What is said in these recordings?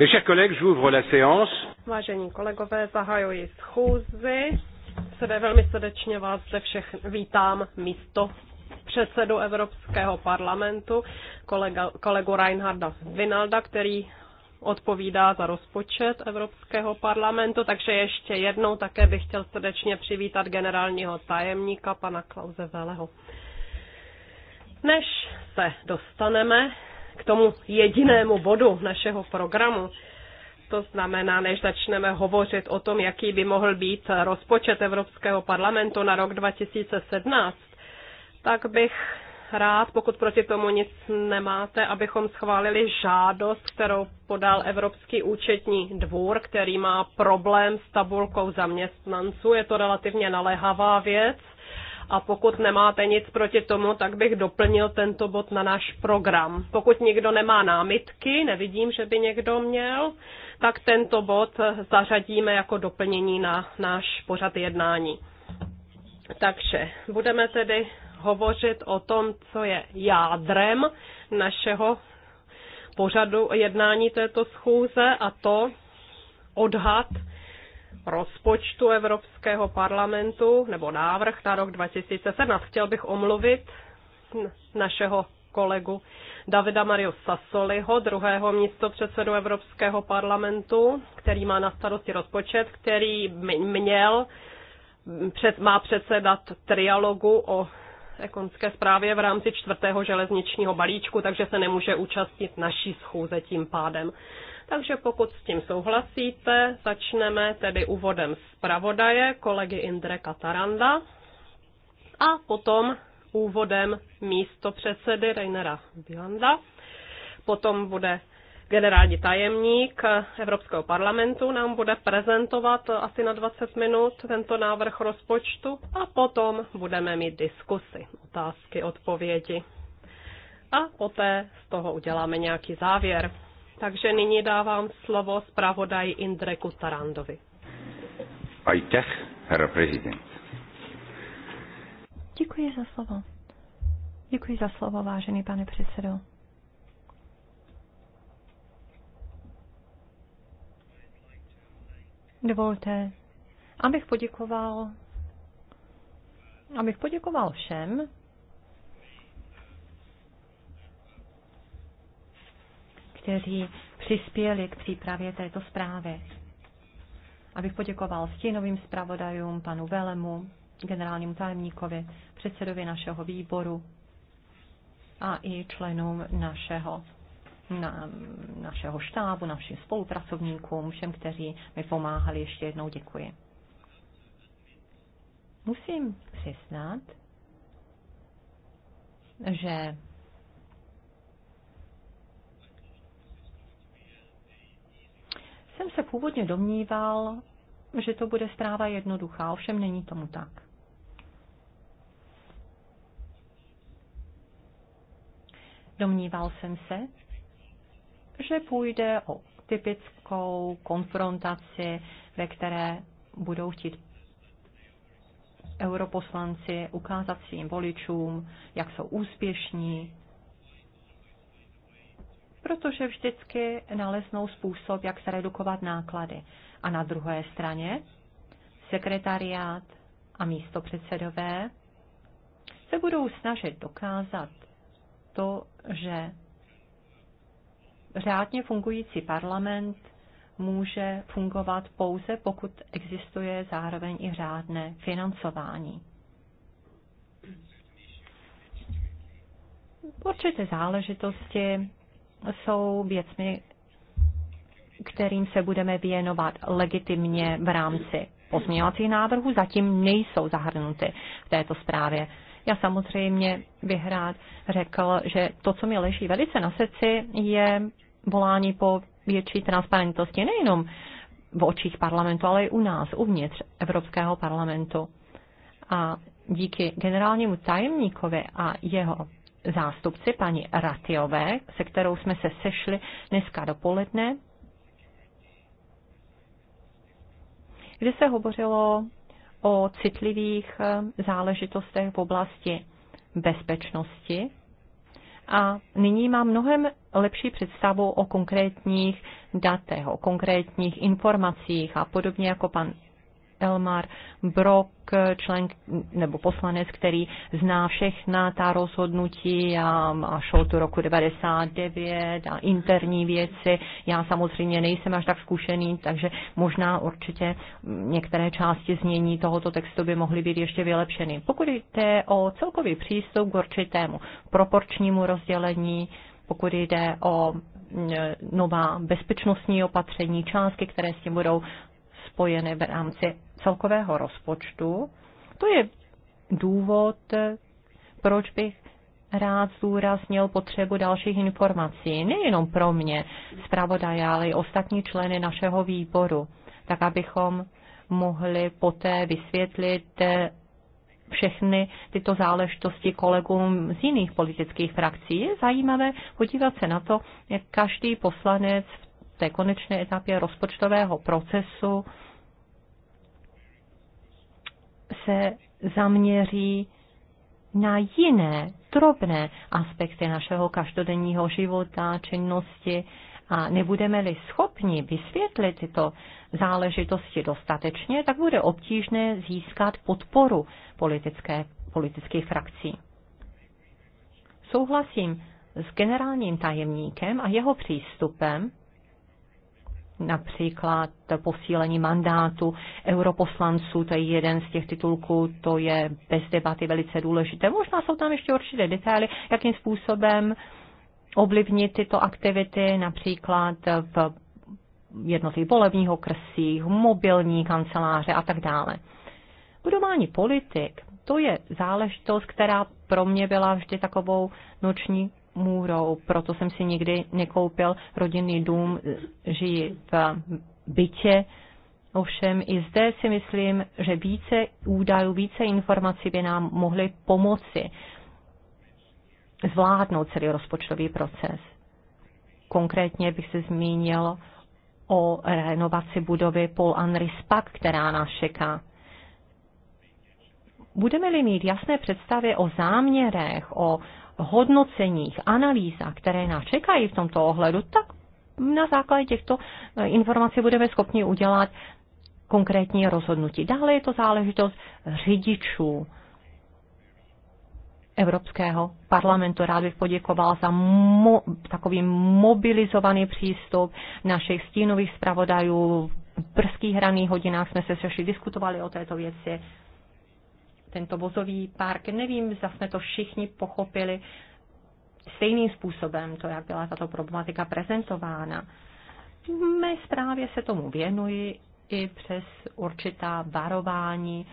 Mes chers collègues, j'ouvre la séance. Vážení kolegové, zahajuji schůzi. Sebe velmi srdečně vás zde všech vítám místo předsedu Evropského parlamentu, kolega, kolegu Reinharda Vinalda, který odpovídá za rozpočet Evropského parlamentu, takže ještě jednou také bych chtěl srdečně přivítat generálního tajemníka pana Klauze Veleho. Než se dostaneme k tomu jedinému bodu našeho programu. To znamená, než začneme hovořit o tom, jaký by mohl být rozpočet Evropského parlamentu na rok 2017, tak bych rád, pokud proti tomu nic nemáte, abychom schválili žádost, kterou podal Evropský účetní dvůr, který má problém s tabulkou zaměstnanců. Je to relativně naléhavá věc a pokud nemáte nic proti tomu, tak bych doplnil tento bod na náš program. Pokud někdo nemá námitky, nevidím, že by někdo měl, tak tento bod zařadíme jako doplnění na náš pořad jednání. Takže budeme tedy hovořit o tom, co je jádrem našeho pořadu jednání této schůze a to odhad rozpočtu Evropského parlamentu, nebo návrh na rok 2017. Chtěl bych omluvit našeho kolegu Davida Mario Sassoliho, druhého místo předsedu Evropského parlamentu, který má na starosti rozpočet, který měl před, má předsedat trialogu o ekonomické zprávě v rámci čtvrtého železničního balíčku, takže se nemůže účastnit naší schůze tím pádem. Takže pokud s tím souhlasíte, začneme tedy úvodem zpravodaje kolegy Indre Kataranda a potom úvodem místo předsedy Reinera Bianda. Potom bude Generální tajemník Evropského parlamentu nám bude prezentovat asi na 20 minut tento návrh rozpočtu a potom budeme mít diskusy, otázky, odpovědi. A poté z toho uděláme nějaký závěr. Takže nyní dávám slovo zpravodaji Indreku Tarandovi. Ajtech, herr prezident. Děkuji za slovo. Děkuji za slovo, vážený pane předsedo. Dovolte, abych poděkoval, abych poděkoval všem, kteří přispěli k přípravě této zprávy. Abych poděkoval stínovým zpravodajům, panu Velemu, generálnímu tajemníkovi, předsedovi našeho výboru a i členům našeho na, našeho štábu, našim spolupracovníkům, všem, kteří mi pomáhali. Ještě jednou děkuji. Musím přiznat, že jsem se původně domníval, že to bude zpráva jednoduchá, ovšem není tomu tak. Domníval jsem se, že půjde o typickou konfrontaci, ve které budou chtít europoslanci ukázat svým voličům, jak jsou úspěšní, protože vždycky naleznou způsob, jak se redukovat náklady. A na druhé straně sekretariát a místo předsedové se budou snažit dokázat to, že řádně fungující parlament může fungovat pouze, pokud existuje zároveň i řádné financování. Určité záležitosti jsou věcmi, kterým se budeme věnovat legitimně v rámci pozměňovacích návrhů, zatím nejsou zahrnuty v této zprávě. Já samozřejmě bych rád řekl, že to, co mi leží velice na srdci, je volání po větší transparentnosti nejenom v očích parlamentu, ale i u nás, uvnitř Evropského parlamentu. A díky generálnímu tajemníkovi a jeho zástupci, paní Ratiové, se kterou jsme se sešli dneska dopoledne, kde se hovořilo o citlivých záležitostech v oblasti bezpečnosti a nyní mám mnohem lepší představu o konkrétních datech, o konkrétních informacích a podobně jako pan Elmar Brok, člen nebo poslanec, který zná všechna ta rozhodnutí a, a tu roku 99 a interní věci. Já samozřejmě nejsem až tak zkušený, takže možná určitě některé části znění tohoto textu by mohly být ještě vylepšeny. Pokud jde o celkový přístup k určitému proporčnímu rozdělení, pokud jde o nová bezpečnostní opatření, částky, které s tím budou spojeny v rámci celkového rozpočtu. To je důvod, proč bych rád zdůraznil potřebu dalších informací, nejenom pro mě, zpravodaje, ale i ostatní členy našeho výboru, tak abychom mohli poté vysvětlit eh, všechny tyto záležitosti kolegům z jiných politických frakcí. Je zajímavé podívat se na to, jak každý poslanec v té konečné etapě rozpočtového procesu se zaměří na jiné drobné aspekty našeho každodenního života, činnosti a nebudeme-li schopni vysvětlit tyto záležitosti dostatečně, tak bude obtížné získat podporu politické, politických frakcí. Souhlasím s generálním tajemníkem a jeho přístupem například posílení mandátu europoslanců, to je jeden z těch titulků, to je bez debaty velice důležité. Možná jsou tam ještě určité detaily, jakým způsobem ovlivnit tyto aktivity, například v jednotlivých volebních okrsích, mobilní kanceláře a tak dále. Budování politik, to je záležitost, která pro mě byla vždy takovou noční můrou, proto jsem si nikdy nekoupil rodinný dům, žijí v bytě. Ovšem i zde si myslím, že více údajů, více informací by nám mohly pomoci zvládnout celý rozpočtový proces. Konkrétně bych se zmínil o renovaci budovy Paul Henry Spack, která nás čeká. Budeme-li mít jasné představy o záměrech, o hodnoceních, analýzách, které nás čekají v tomto ohledu, tak na základě těchto eh, informací budeme schopni udělat konkrétní rozhodnutí. Dále je to záležitost řidičů Evropského parlamentu. Rád bych poděkoval za mo- takový mobilizovaný přístup našich stínových zpravodajů. V brzkých hraných hodinách jsme se sešli, diskutovali o této věci tento vozový park. Nevím, zda jsme to všichni pochopili stejným způsobem, to, jak byla tato problematika prezentována. V mé zprávě se tomu věnuji i přes určitá varování,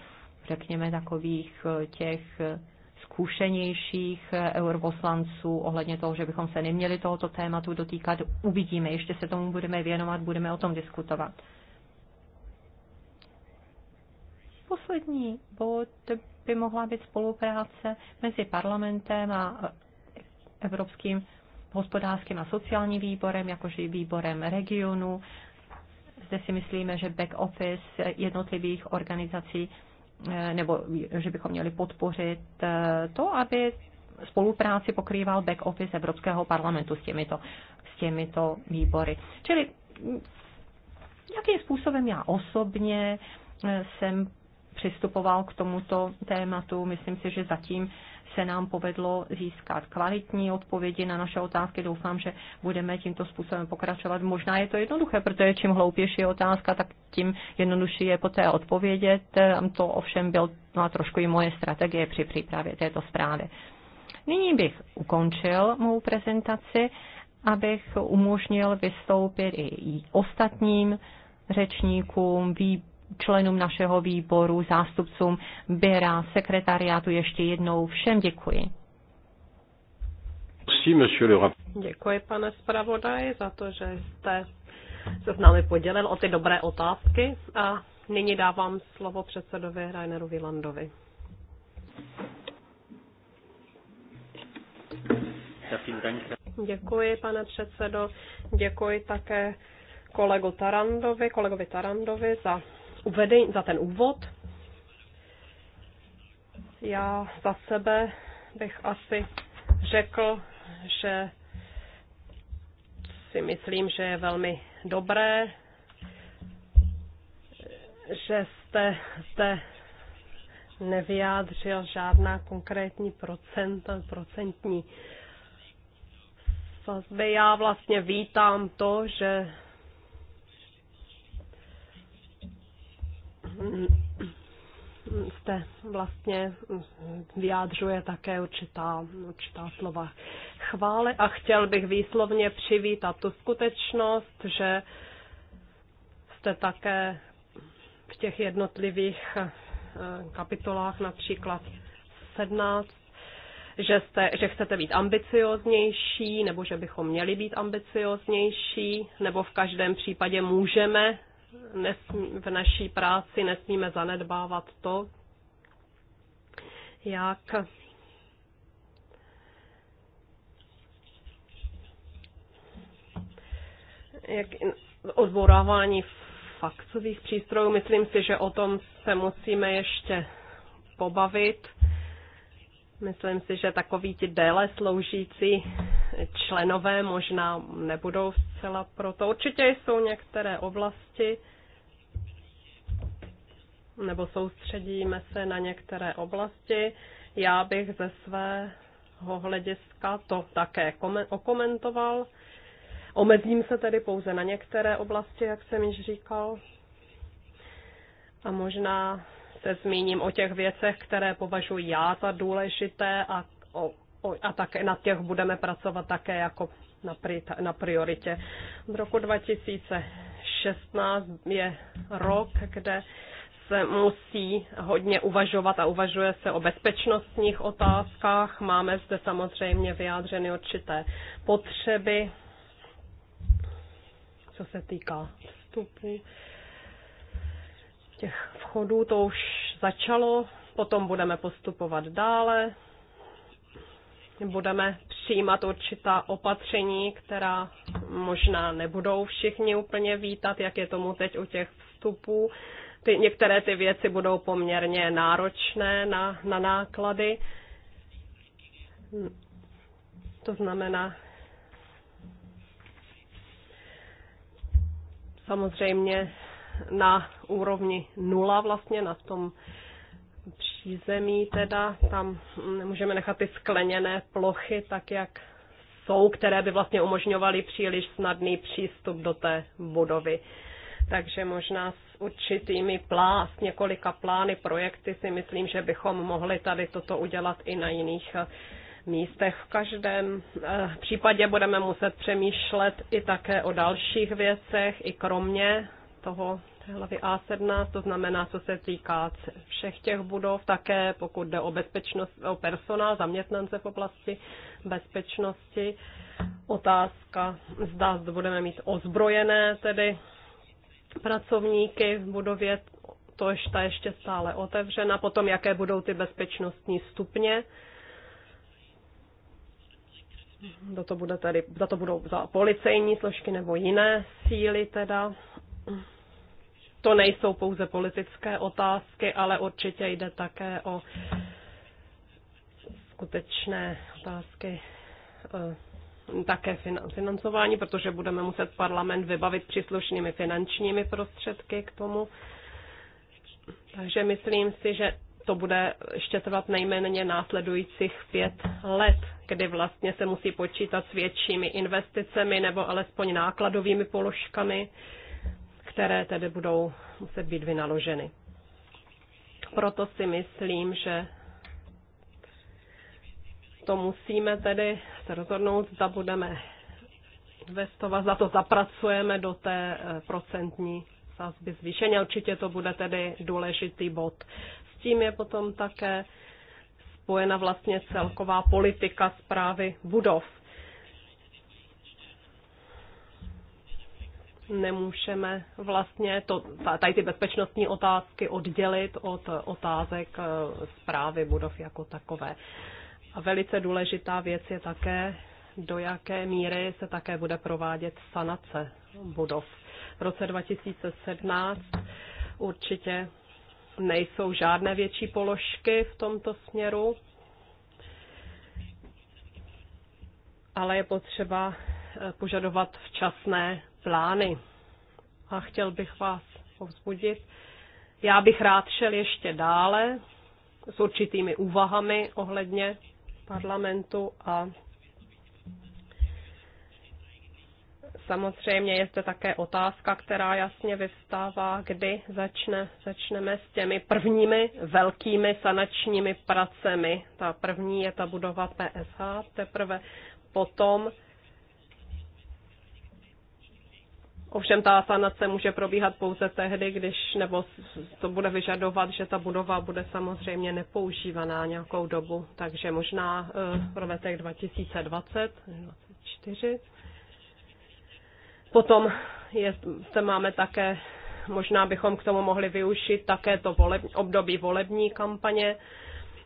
řekněme takových eh, těch eh, zkušenějších eh, europoslanců ohledně toho, že bychom se neměli tohoto tématu dotýkat. Uvidíme, ještě se tomu budeme věnovat, budeme o tom diskutovat. poslední bod by mohla být spolupráce mezi parlamentem a e, Evropským hospodářským a sociálním výborem, jakož i výborem regionu. Zde si myslíme, že back office jednotlivých organizací e, nebo že bychom měli podpořit e, to, aby spolupráci pokrýval back office Evropského parlamentu s těmito, s těmito výbory. Čili jakým způsobem já osobně jsem přistupoval k tomuto tématu. Myslím si, že zatím se nám povedlo získat kvalitní odpovědi na naše otázky. Doufám, že budeme tímto způsobem pokračovat. Možná je to jednoduché, protože čím hloupější je otázka, tak tím jednodušší je poté odpovědět. To ovšem byla no, trošku i moje strategie při přípravě této zprávy. Nyní bych ukončil mou prezentaci, abych umožnil vystoupit i ostatním řečníkům, výborům, členům našeho výboru, zástupcům Běra, sekretariátu ještě jednou všem děkuji. Děkuji, pane zpravodaji, za to, že jste se s námi podělil o ty dobré otázky a nyní dávám slovo předsedovi Rainerovi Vilandovi. Děkuji, pane předsedo. Děkuji také kolegu Tarandovi, kolegovi Tarandovi za uvedení, za ten úvod. Já za sebe bych asi řekl, že si myslím, že je velmi dobré, že jste zde nevyjádřil žádná konkrétní procent, procentní sazby. Já vlastně vítám to, že jste vlastně vyjádřuje také určitá, určitá slova chvály a chtěl bych výslovně přivítat tu skutečnost, že jste také v těch jednotlivých eh, kapitolách, například 17, že, jste, že chcete být ambicioznější, nebo že bychom měli být ambicioznější, nebo v každém případě můžeme v naší práci nesmíme zanedbávat to, jak jak odborávání faxových přístrojů. Myslím si, že o tom se musíme ještě pobavit. Myslím si, že takový ti déle sloužící členové možná nebudou zcela proto. Určitě jsou některé oblasti, nebo soustředíme se na některé oblasti. Já bych ze svého hlediska to také okomentoval. Omezím se tedy pouze na některé oblasti, jak jsem již říkal. A možná se zmíním o těch věcech, které považuji já za důležité a o a také na těch budeme pracovat také jako na prioritě. V roku 2016 je rok, kde se musí hodně uvažovat a uvažuje se o bezpečnostních otázkách. Máme zde samozřejmě vyjádřeny určité potřeby, co se týká vstupu těch vchodů. To už začalo, potom budeme postupovat dále budeme přijímat určitá opatření, která možná nebudou všichni úplně vítat, jak je tomu teď u těch vstupů. Ty, některé ty věci budou poměrně náročné na, na náklady. To znamená, samozřejmě na úrovni nula vlastně na tom přízemí, teda tam nemůžeme nechat ty skleněné plochy tak, jak jsou, které by vlastně umožňovaly příliš snadný přístup do té budovy. Takže možná s určitými plás, několika plány, projekty si myslím, že bychom mohli tady toto udělat i na jiných eh, místech. V každém eh, případě budeme muset přemýšlet i také o dalších věcech, i kromě toho hlavy A17, to znamená, co se týká všech těch budov, také pokud jde o bezpečnost, o personál, zaměstnance v oblasti bezpečnosti. Otázka, zda budeme mít ozbrojené tedy pracovníky v budově, to je ta ještě stále otevřena. Potom, jaké budou ty bezpečnostní stupně. Za to, bude tedy, za to budou za policejní složky nebo jiné síly teda to nejsou pouze politické otázky, ale určitě jde také o skutečné otázky eh, také financování, protože budeme muset parlament vybavit příslušnými finančními prostředky k tomu. Takže myslím si, že to bude ještě trvat nejméně následujících pět let, kdy vlastně se musí počítat s většími investicemi nebo alespoň nákladovými položkami které tedy budou muset být vynaloženy. Proto si myslím, že to musíme tedy se rozhodnout, zda budeme investovat, za to zapracujeme do té eh, procentní sázby zvýšení. Určitě to bude tedy důležitý bod. S tím je potom také spojena vlastně celková politika zprávy budov. nemůžeme vlastně to, tady ty bezpečnostní otázky oddělit od otázek eh, zprávy budov jako takové. A velice důležitá věc je také, do jaké míry se také bude provádět sanace budov. V roce 2017 určitě nejsou žádné větší položky v tomto směru, ale je potřeba eh, požadovat včasné plány. A chtěl bych vás povzbudit. Já bych rád šel ještě dále s určitými úvahami ohledně parlamentu a Samozřejmě je zde také otázka, která jasně vystává, kdy začne, začneme s těmi prvními velkými sanačními pracemi. Ta první je ta budova PSH, teprve potom Ovšem ta sanace může probíhat pouze tehdy, když nebo to bude vyžadovat, že ta budova bude samozřejmě nepoužívaná nějakou dobu, takže možná eh, v letech 2020, 2024. Potom je, se máme také, možná bychom k tomu mohli využít také to voleb, období volební kampaně,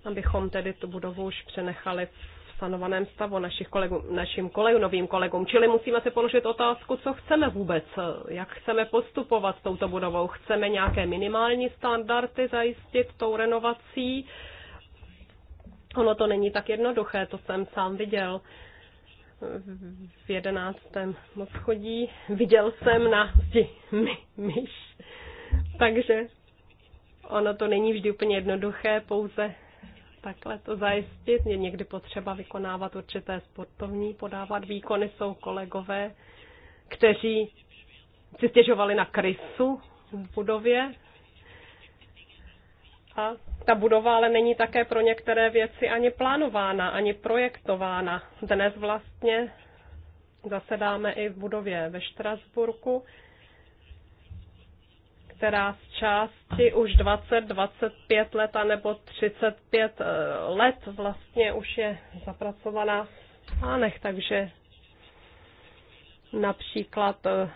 abychom tedy tu budovu už přenechali v sanovaném stavu našich kolegů, našim kolegu, novým kolegům. Čili musíme si položit otázku, co chceme vůbec, eh, jak chceme postupovat s touto budovou. Chceme nějaké minimální standardy zajistit tou renovací. Ono to není tak jednoduché, to jsem sám viděl v jedenáctém moschodí. Viděl jsem na zdi my, myš. Takže ono to není vždy úplně jednoduché, pouze takhle to zajistit. Je někdy potřeba vykonávat určité sportovní, podávat výkony. Jsou kolegové, kteří si stěžovali na krysu v budově. A ta budova ale není také pro některé věci ani plánována, ani projektována. Dnes vlastně zasedáme i v budově ve Štrasburku která z části už 20, 25 let a nebo 35 let vlastně už je zapracovaná v plánech, takže například eh,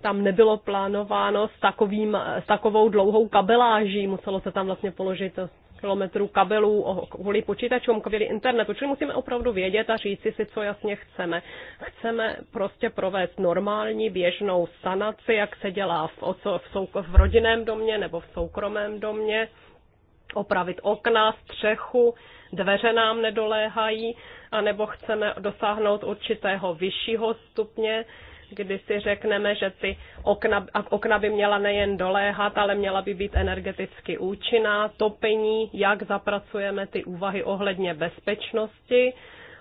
tam nebylo plánováno s, takovým, s takovou dlouhou kabeláží, muselo se tam vlastně položit kilometrů kabelů kvůli počítačům, kvůli internetu. Čili musíme opravdu vědět a říci si, co jasně chceme. Chceme prostě provést normální běžnou sanaci, jak se dělá v, v, v rodinném domě nebo v soukromém domě opravit okna, střechu, dveře nám nedoléhají, anebo chceme dosáhnout určitého vyššího stupně, kdy si řekneme, že ty okna, okna by měla nejen doléhat, ale měla by být energeticky účinná, topení, jak zapracujeme ty úvahy ohledně bezpečnosti,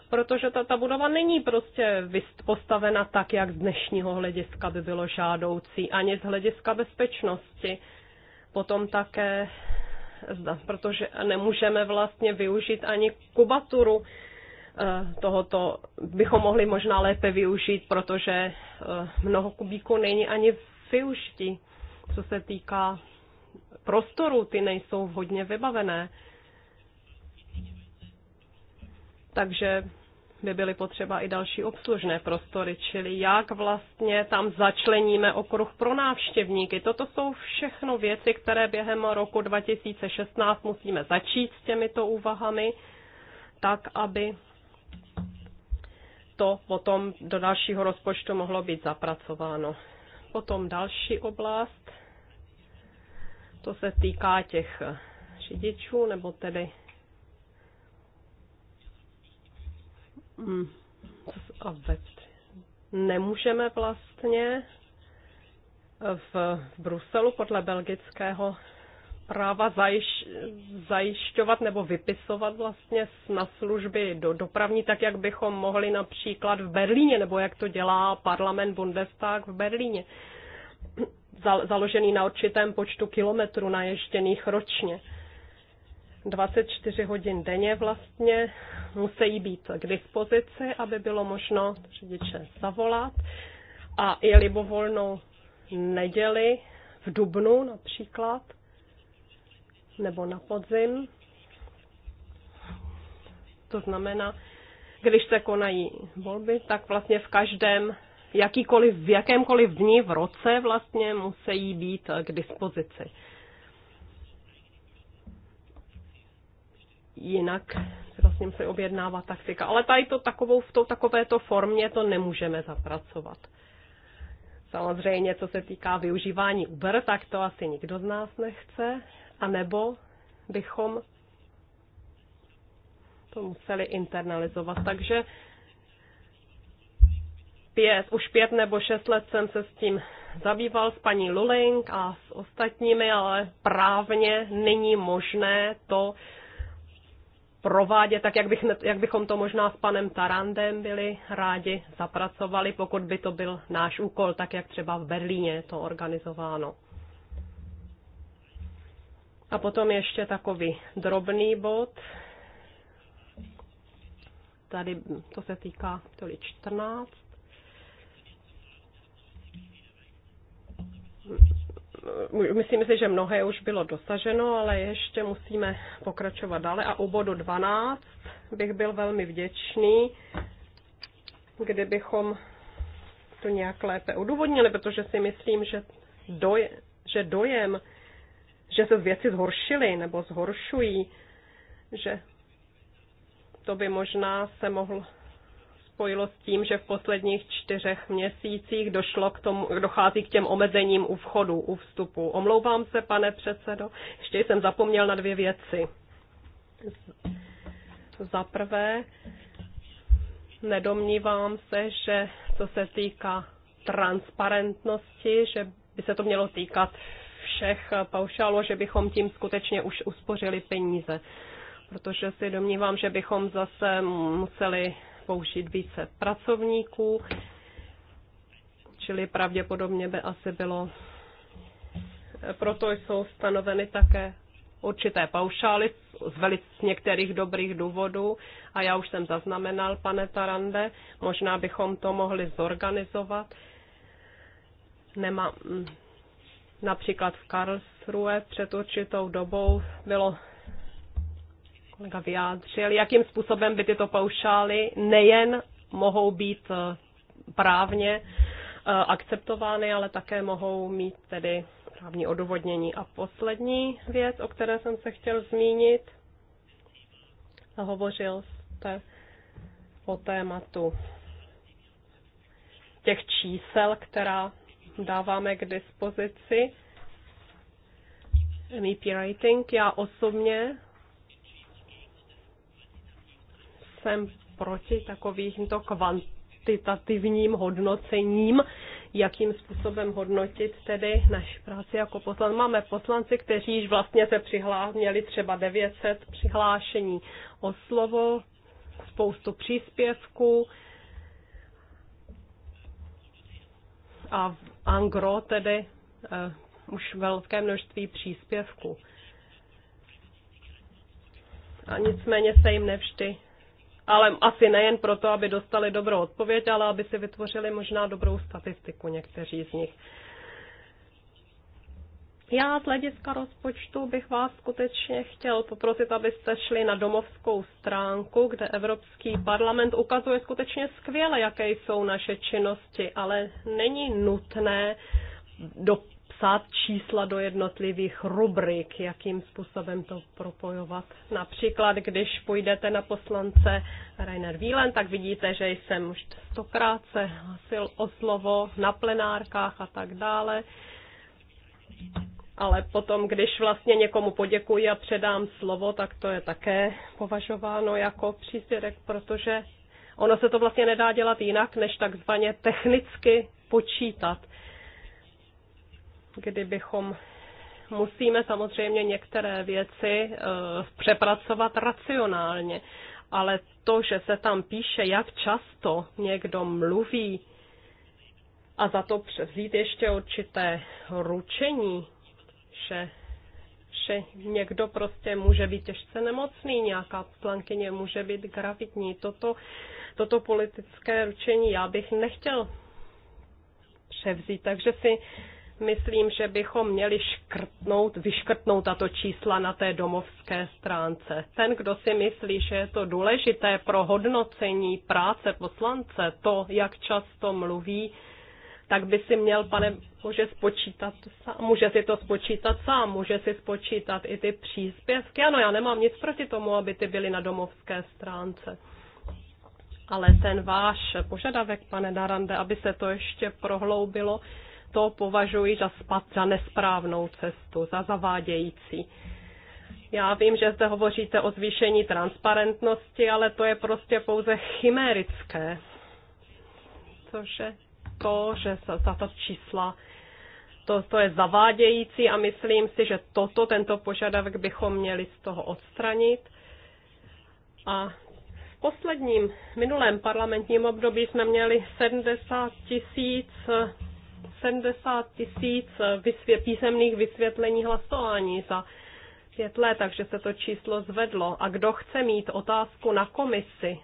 protože ta, ta budova není prostě postavena tak, jak z dnešního hlediska by bylo žádoucí, ani z hlediska bezpečnosti. Potom také, protože nemůžeme vlastně využít ani kubaturu, Eh, tohoto bychom mohli možná lépe využít, protože eh, mnoho kubíků není ani v využití. Co se týká prostoru, ty nejsou vhodně vybavené. Takže by byly potřeba i další obslužné prostory, čili jak vlastně tam začleníme okruh pro návštěvníky. Toto jsou všechno věci, které během roku 2016 musíme začít s těmito úvahami, tak aby to potom do dalšího rozpočtu mohlo být zapracováno. Potom další oblast, to se týká těch eh, řidičů, nebo tedy mm, a nemůžeme vlastně v Bruselu podle belgického práva zajiš, zajišťovat nebo vypisovat vlastně na služby do dopravní, tak jak bychom mohli například v Berlíně, nebo jak to dělá parlament Bundestag v Berlíně, založený na určitém počtu kilometrů naještěných ročně. 24 hodin denně vlastně musí být k dispozici, aby bylo možno řidiče zavolat a i libovolnou neděli v Dubnu například, nebo na podzim. To znamená, když se konají volby, tak vlastně v každém, jakýkoliv, v jakémkoliv dni v roce vlastně musí být k dispozici. Jinak se vlastně musí objednává taktika. Ale tady to takovou, v to, takovéto formě to nemůžeme zapracovat. Samozřejmě, co se týká využívání Uber, tak to asi nikdo z nás nechce. A nebo bychom to museli internalizovat. Takže pět, už pět nebo šest let jsem se s tím zabýval s paní Luling a s ostatními, ale právně není možné to provádět tak, jak, bych, jak bychom to možná s panem Tarandem byli rádi zapracovali, pokud by to byl náš úkol, tak jak třeba v Berlíně je to organizováno. A potom ještě takový drobný bod. Tady to se týká tolik 14. Myslím si, že mnohé už bylo dosaženo, ale ještě musíme pokračovat dále. A u bodu 12 bych byl velmi vděčný, kdybychom to nějak lépe odůvodnili, protože si myslím, že, doje, že dojem že se věci zhoršily nebo zhoršují, že to by možná se mohl spojilo s tím, že v posledních čtyřech měsících došlo k tomu, dochází k těm omezením u vchodu, u vstupu. Omlouvám se, pane předsedo, ještě jsem zapomněl na dvě věci. Za prvé, nedomnívám se, že co se týká transparentnosti, že by se to mělo týkat všech paušálů, že bychom tím skutečně už uspořili peníze. Protože si domnívám, že bychom zase museli použít více pracovníků, čili pravděpodobně by asi bylo. Proto jsou stanoveny také určité paušály z, velice některých dobrých důvodů a já už jsem zaznamenal, pane Tarande, možná bychom to mohli zorganizovat. Nemám, Například v Karlsruhe před určitou dobou bylo kolega vyjádřil, jakým způsobem by tyto paušály nejen mohou být eh, právně eh, akceptovány, ale také mohou mít tedy právní odůvodnění. A poslední věc, o které jsem se chtěl zmínit, hovořil jste o tématu těch čísel, která dáváme k dispozici MEP Writing. Já osobně jsem proti takovýmto kvantitativním hodnocením, jakým způsobem hodnotit tedy naši práci jako poslanci. Máme poslanci, kteří již vlastně se přihlásili, měli třeba 900 přihlášení o slovo, spoustu příspěvků a angro, tedy uh, už velké množství příspěvků. A nicméně se jim nevždy, ale asi nejen proto, aby dostali dobrou odpověď, ale aby si vytvořili možná dobrou statistiku někteří z nich. Já z hlediska rozpočtu bych vás skutečně chtěl poprosit, abyste šli na domovskou stránku, kde Evropský parlament ukazuje skutečně skvěle, jaké jsou naše činnosti, ale není nutné dopsat čísla do jednotlivých rubrik, jakým způsobem to propojovat. Například, když půjdete na poslance Rainer Wielen, tak vidíte, že jsem už stokrát se hlasil o slovo na plenárkách a tak dále ale potom, když vlastně někomu poděkuji a předám slovo, tak to je také považováno jako příspěvek, protože ono se to vlastně nedá dělat jinak, než takzvaně technicky počítat. Kdybychom musíme samozřejmě některé věci eh, přepracovat racionálně, ale to, že se tam píše, jak často někdo mluví, a za to převzít ještě určité ručení, že, že někdo prostě může být těžce nemocný, nějaká poslankyně může být gravitní. Toto, toto politické ručení já bych nechtěl převzít, takže si myslím, že bychom měli škrtnout, vyškrtnout tato čísla na té domovské stránce. Ten, kdo si myslí, že je to důležité pro hodnocení práce poslance, to, jak často mluví, tak by si měl, pane, může spočítat sám, může si to spočítat sám, může si spočítat i ty příspěvky. Ano, já nemám nic proti tomu, aby ty byly na domovské stránce. Ale ten váš požadavek, pane Darande, aby se to ještě prohloubilo, to považuji za, spad, za nesprávnou cestu, za zavádějící. Já vím, že zde hovoříte o zvýšení transparentnosti, ale to je prostě pouze chimérické. Cože to, že tato čísla to, to je zavádějící a myslím si, že toto, tento požadavek bychom měli z toho odstranit. A v posledním, minulém parlamentním období jsme měli 70 tisíc 70 tisíc vysvě, písemných vysvětlení hlasování za pět let, takže se to číslo zvedlo. A kdo chce mít otázku na komisi,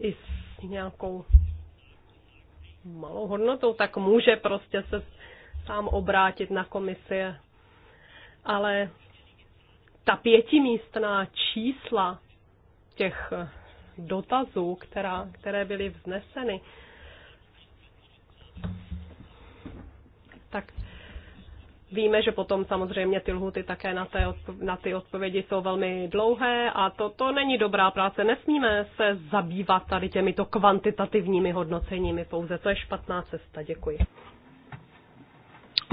i s nějakou malou hodnotou, tak může prostě se sám obrátit na komisie. Ale ta pětimístná čísla těch dotazů, která, které byly vzneseny, tak Víme, že potom samozřejmě ty lhuty také na, té, na ty odpovědi jsou velmi dlouhé a to, to není dobrá práce. Nesmíme se zabývat tady těmito kvantitativními hodnoceními pouze. To je špatná cesta. Děkuji.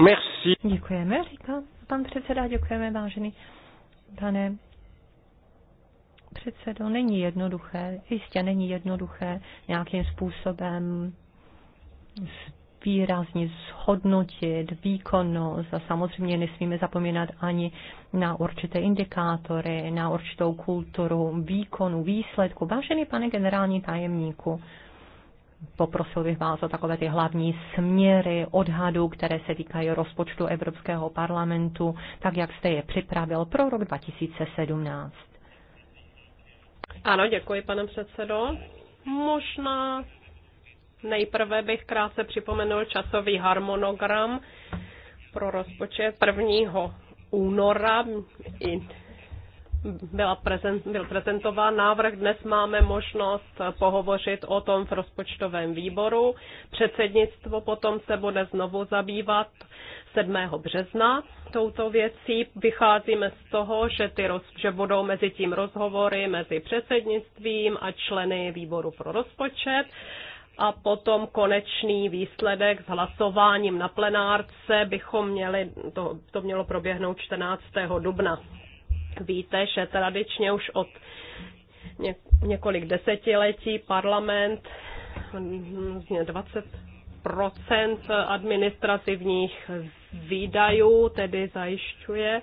Merci. Děkujeme, říká pan předseda. Děkujeme, vážený pane předsedo. Není jednoduché, jistě není jednoduché nějakým způsobem výrazně zhodnotit výkonnost a samozřejmě nesmíme zapomínat ani na určité indikátory, na určitou kulturu výkonu, výsledku. Vážený pane generální tajemníku, poprosil bych vás o takové ty hlavní směry odhadu, které se týkají rozpočtu Evropského parlamentu, tak jak jste je připravil pro rok 2017. Ano, děkuji, pane předsedo. Možná Nejprve bych krátce připomenul časový harmonogram pro rozpočet 1. února. Byla prezent, byl prezentován návrh. Dnes máme možnost pohovořit o tom v rozpočtovém výboru. Předsednictvo potom se bude znovu zabývat 7. března touto věcí. Vycházíme z toho, že, ty roz, že budou mezi tím rozhovory mezi předsednictvím a členy výboru pro rozpočet a potom konečný výsledek s hlasováním na plenárce bychom měli, to, to mělo proběhnout 14. dubna. Víte, že tradičně už od několik desetiletí parlament 20 hm, administrativních výdajů tedy zajišťuje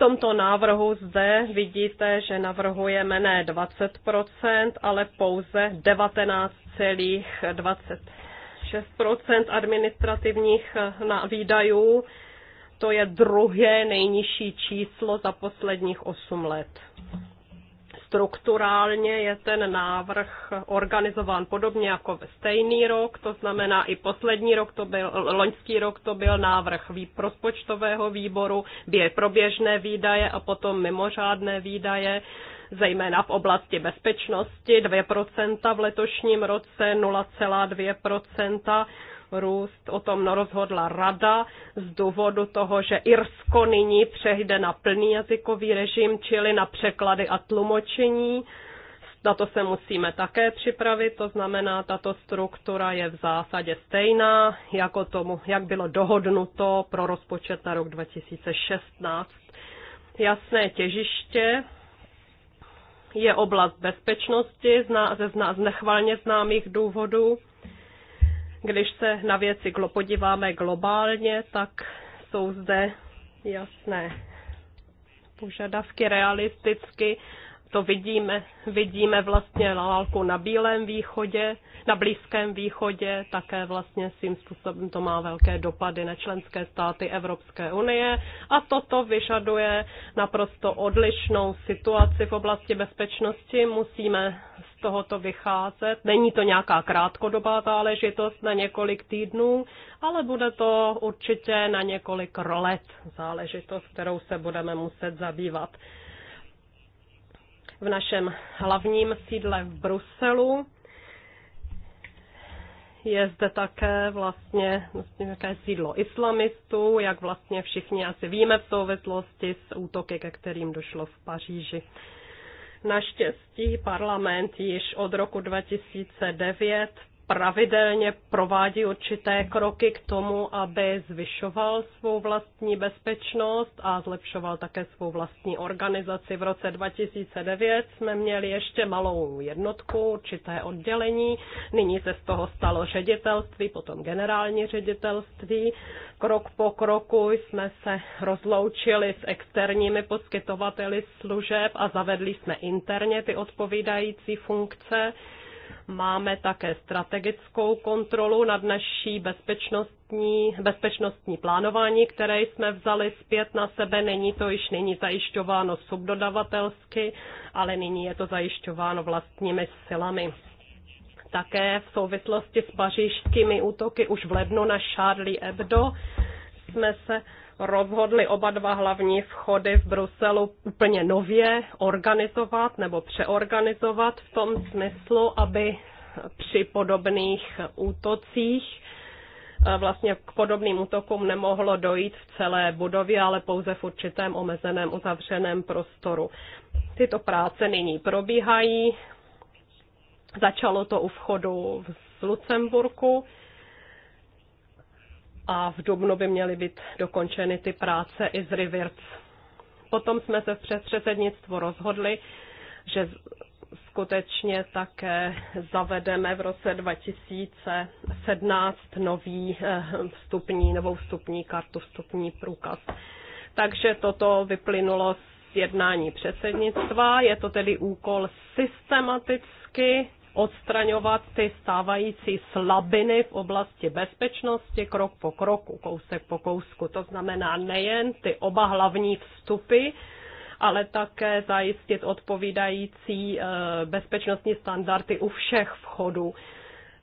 tomto návrhu zde vidíte, že navrhujeme ne 20%, ale pouze 19,26% administrativních eh, výdajů. To je druhé nejnižší číslo za posledních 8 let strukturálně je ten návrh organizován podobně jako ve stejný rok, to znamená i poslední rok, to byl, loňský rok to byl návrh rozpočtového výboru, běžné výdaje a potom mimořádné výdaje zejména v oblasti bezpečnosti 2% v letošním roce, 0,2% růst. O tom rozhodla rada z důvodu toho, že Irsko nyní přejde na plný jazykový režim, čili na překlady a tlumočení. Na to se musíme také připravit, to znamená, tato struktura je v zásadě stejná, jako tomu, jak bylo dohodnuto pro rozpočet na rok 2016. Jasné těžiště je oblast bezpečnosti ze zná, nechvalně známých důvodů. Když se na věci podíváme globálně, tak jsou zde jasné požadavky realisticky to vidíme, vidíme vlastně válku na Bílém východě, na Blízkém východě, také vlastně svým způsobem to má velké dopady na členské státy Evropské unie a toto vyžaduje naprosto odlišnou situaci v oblasti bezpečnosti. Musíme z tohoto vycházet. Není to nějaká krátkodobá záležitost na několik týdnů, ale bude to určitě na několik let záležitost, kterou se budeme muset zabývat v našem hlavním sídle v Bruselu. Je zde také vlastně, vlastně také sídlo islamistů, jak vlastně všichni asi víme v souvislosti s útoky, ke kterým došlo v Paříži. Naštěstí parlament již od roku 2009 pravidelně provádí určité kroky k tomu, aby zvyšoval svou vlastní bezpečnost a zlepšoval také svou vlastní organizaci. V roce 2009 jsme měli ještě malou jednotku, určité oddělení, nyní se z toho stalo ředitelství, potom generální ředitelství. Krok po kroku jsme se rozloučili s externími poskytovateli služeb a zavedli jsme interně ty odpovídající funkce Máme také strategickou kontrolu nad naší bezpečnostní, bezpečnostní plánování, které jsme vzali zpět na sebe. Není to již nyní zajišťováno subdodavatelsky, ale nyní je to zajišťováno vlastními silami. Také v souvislosti s pařížskými útoky už v lednu na Charlie Hebdo jsme se rozhodli oba dva hlavní vchody v Bruselu úplně nově organizovat nebo přeorganizovat v tom smyslu, aby při podobných útocích eh, vlastně k podobným útokům nemohlo dojít v celé budově, ale pouze v určitém omezeném uzavřeném prostoru. Tyto práce nyní probíhají. Začalo to u vchodu v Lucemburku a v Dubnu by měly být dokončeny ty práce i z Rivirc. Potom jsme se přes předsednictvo rozhodli, že skutečně také zavedeme v roce 2017 nový eh, vstupní, novou vstupní kartu, vstupní průkaz. Takže toto vyplynulo z jednání předsednictva. Je to tedy úkol systematicky odstraňovat ty stávající slabiny v oblasti bezpečnosti krok po kroku, kousek po kousku. To znamená nejen ty oba hlavní vstupy, ale také zajistit odpovídající eh, bezpečnostní standardy u všech vchodů,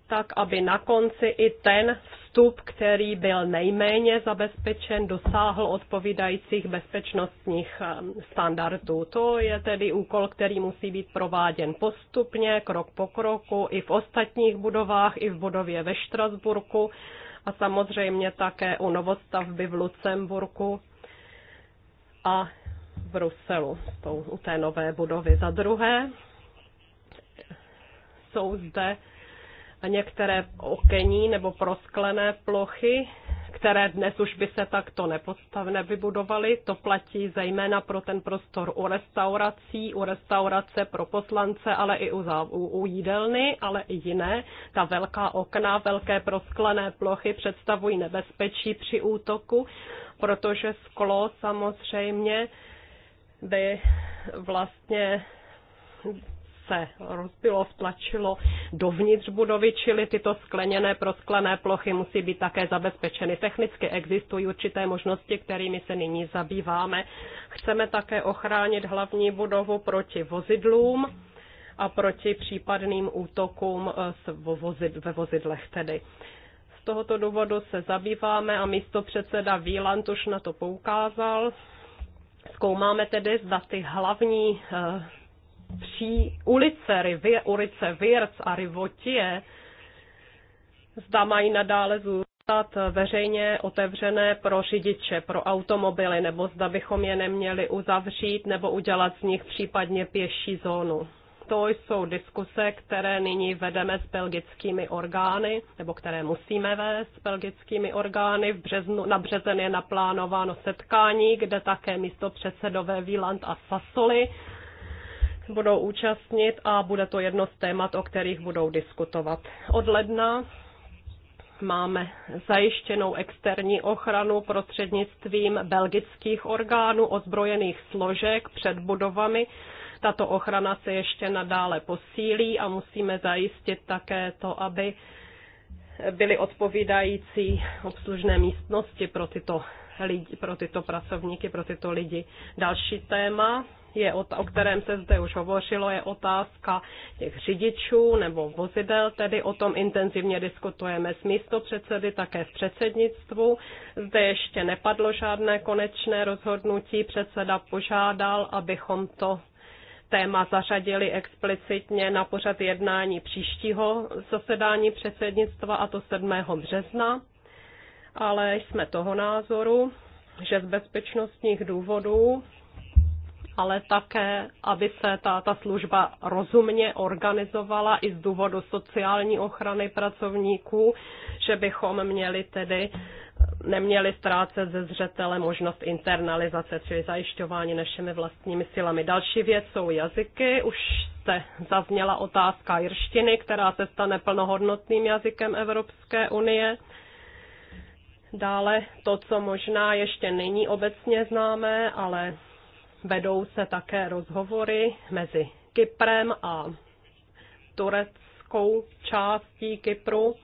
tak aby na konci i ten vstup vstup, který byl nejméně zabezpečen, dosáhl odpovídajících bezpečnostních eh, standardů. To je tedy úkol, který musí být prováděn postupně, krok po kroku, i v ostatních budovách, i v budově ve Štrasburku a samozřejmě také u novostavby v Lucemburku a v Bruselu, u té nové budovy. Za druhé jsou zde a některé okení nebo prosklené plochy, které dnes už by se takto nepostav, nevybudovaly. To platí zejména pro ten prostor u restaurací, u restaurace pro poslance, ale i u, u, u jídelny, ale i jiné. Ta velká okna, velké prosklené plochy představují nebezpečí při útoku, protože sklo samozřejmě by vlastně se rozbilo, vtlačilo dovnitř budovy, čili tyto skleněné, prosklené plochy musí být také zabezpečeny. Technicky existují určité možnosti, kterými se nyní zabýváme. Chceme také ochránit hlavní budovu proti vozidlům a proti případným útokům eh, ve vozidlech tedy z tohoto důvodu se zabýváme a místo předseda Výlant už na to poukázal. Zkoumáme tedy, zda ty hlavní eh, tří ulice, rivier, ulice Virc a Rivotie, zda mají nadále zůstat veřejně otevřené pro řidiče, pro automobily, nebo zda bychom je neměli uzavřít nebo udělat z nich případně pěší zónu. To jsou diskuse, které nyní vedeme s belgickými orgány, nebo které musíme vést s belgickými orgány. V březnu, na březen je naplánováno setkání, kde také místo předsedové Wieland a Sasoli budou účastnit a bude to jedno z témat, o kterých budou diskutovat. Od ledna máme zajištěnou externí ochranu prostřednictvím belgických orgánů ozbrojených složek před budovami. Tato ochrana se ještě nadále posílí a musíme zajistit také to, aby byly odpovídající obslužné místnosti pro tyto, lidi, pro tyto pracovníky, pro tyto lidi. Další téma je, o kterém se zde už hovořilo, je otázka těch řidičů nebo vozidel, tedy o tom intenzivně diskutujeme s místopředsedy, také v předsednictvu. Zde ještě nepadlo žádné konečné rozhodnutí, předseda požádal, abychom to téma zařadili explicitně na pořad jednání příštího zasedání předsednictva, a to 7. března. Ale jsme toho názoru, že z bezpečnostních důvodů ale také, aby se ta, ta služba rozumně organizovala i z důvodu sociální ochrany pracovníků, že bychom měli tedy neměli ztrácet ze zřetele možnost internalizace, čili zajišťování našimi vlastními silami. Další věc jsou jazyky. Už se zazněla otázka jirštiny, která se stane plnohodnotným jazykem Evropské unie. Dále to, co možná ještě není obecně známé, ale Vedou se také rozhovory mezi Kyprem a tureckou částí Kypru.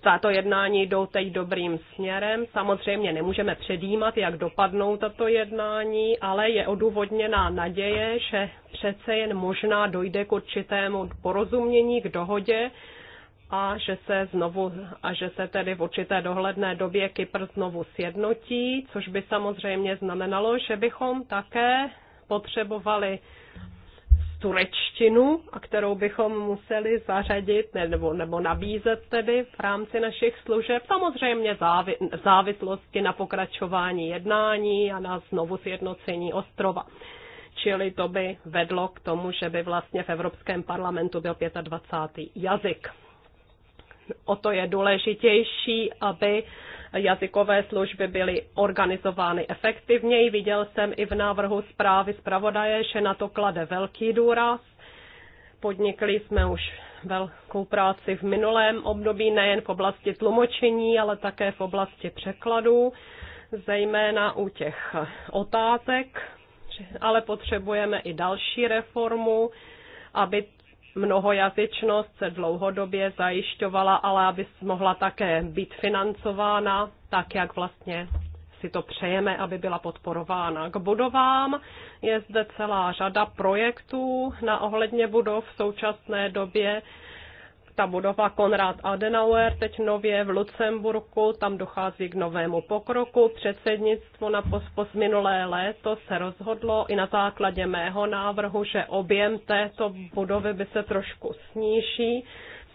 Tato jednání jdou teď dobrým směrem. Samozřejmě nemůžeme předjímat, jak dopadnou tato jednání, ale je odůvodněná naděje, že přece jen možná dojde k určitému porozumění, k dohodě, a že se znovu a že se tedy v určité dohledné době Kypr znovu sjednotí, což by samozřejmě znamenalo, že bychom také potřebovali turečtinu, a kterou bychom museli zařadit nebo, nebo nabízet tedy v rámci našich služeb, samozřejmě závi, závislosti na pokračování jednání a na znovu sjednocení ostrova. Čili to by vedlo k tomu, že by vlastně v Evropském parlamentu byl 25. jazyk o to je důležitější, aby jazykové služby byly organizovány efektivněji. Viděl jsem i v návrhu zprávy zpravodaje, že na to klade velký důraz. Podnikli jsme už velkou práci v minulém období, nejen v oblasti tlumočení, ale také v oblasti překladů, zejména u těch otázek, ale potřebujeme i další reformu, aby mnohojazyčnost se dlouhodobě zajišťovala, ale aby mohla také být financována tak, jak vlastně si to přejeme, aby byla podporována. K budovám je zde celá řada projektů na ohledně budov v současné době ta budova Konrad Adenauer, teď nově v Lucemburku, tam dochází k novému pokroku. Předsednictvo na pospos minulé léto se rozhodlo i na základě mého návrhu, že objem této budovy by se trošku sníží.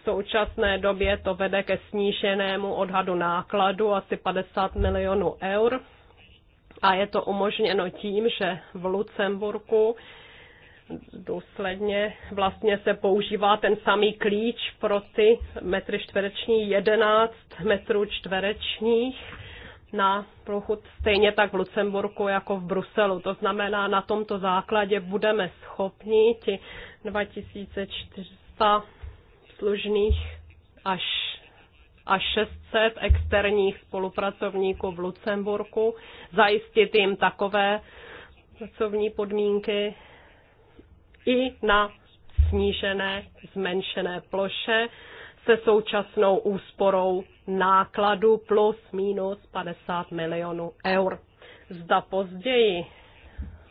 V současné době to vede ke sníženému odhadu nákladu asi 50 milionů eur. A je to umožněno tím, že v Lucemburku důsledně vlastně se používá ten samý klíč pro ty metry čtvereční 11 metrů čtverečních na plochu stejně tak v Lucemburku jako v Bruselu. To znamená, na tomto základě budeme schopni ti 2400 služných až a 600 externích spolupracovníků v Lucemburku, zajistit jim takové pracovní podmínky, i na snížené, zmenšené ploše se současnou úsporou nákladu plus minus 50 milionů eur. Zda později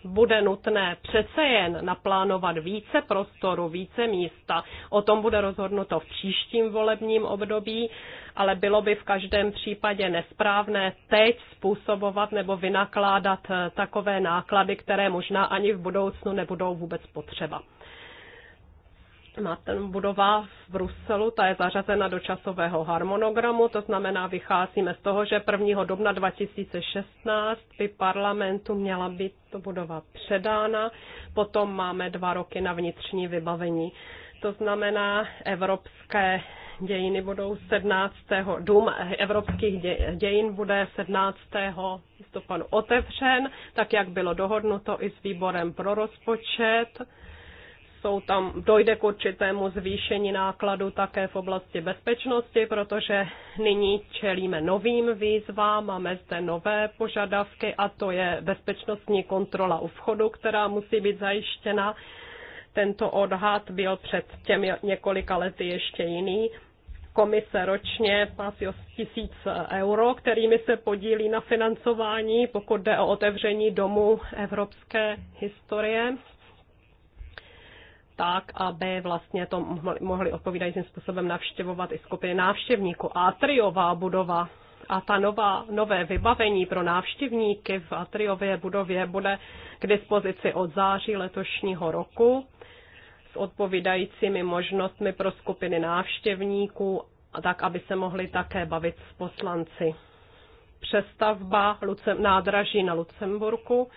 bude nutné přece jen naplánovat více prostoru, více místa. O tom bude rozhodnuto v příštím volebním období, ale bylo by v každém případě nesprávné teď způsobovat nebo vynakládat eh, takové náklady, které možná ani v budoucnu nebudou vůbec potřeba ten budova v Bruselu, ta je zařazena do časového harmonogramu, to znamená, vycházíme z toho, že 1. dubna 2016 by parlamentu měla být to budova předána, potom máme dva roky na vnitřní vybavení. To znamená, evropské dějiny budou 17. dům evropských dějin bude 17. listopadu otevřen, tak jak bylo dohodnuto i s výborem pro rozpočet jsou tam, dojde k určitému zvýšení nákladu také v oblasti bezpečnosti, protože nyní čelíme novým výzvám, máme zde nové požadavky a to je bezpečnostní kontrola u vchodu, která musí být zajištěna. Tento odhad byl před těmi několika lety ještě jiný komise ročně asi 1000 tisíc euro, kterými se podílí na financování, pokud jde o otevření domu evropské historie tak, aby vlastně to mohli odpovídajícím způsobem navštěvovat i skupiny návštěvníků. Atriová budova a ta nová, nové vybavení pro návštěvníky v Atriově budově bude k dispozici od září letošního roku s odpovídajícími možnostmi pro skupiny návštěvníků, tak aby se mohli také bavit s poslanci. Přestavba nádraží na Lucemburku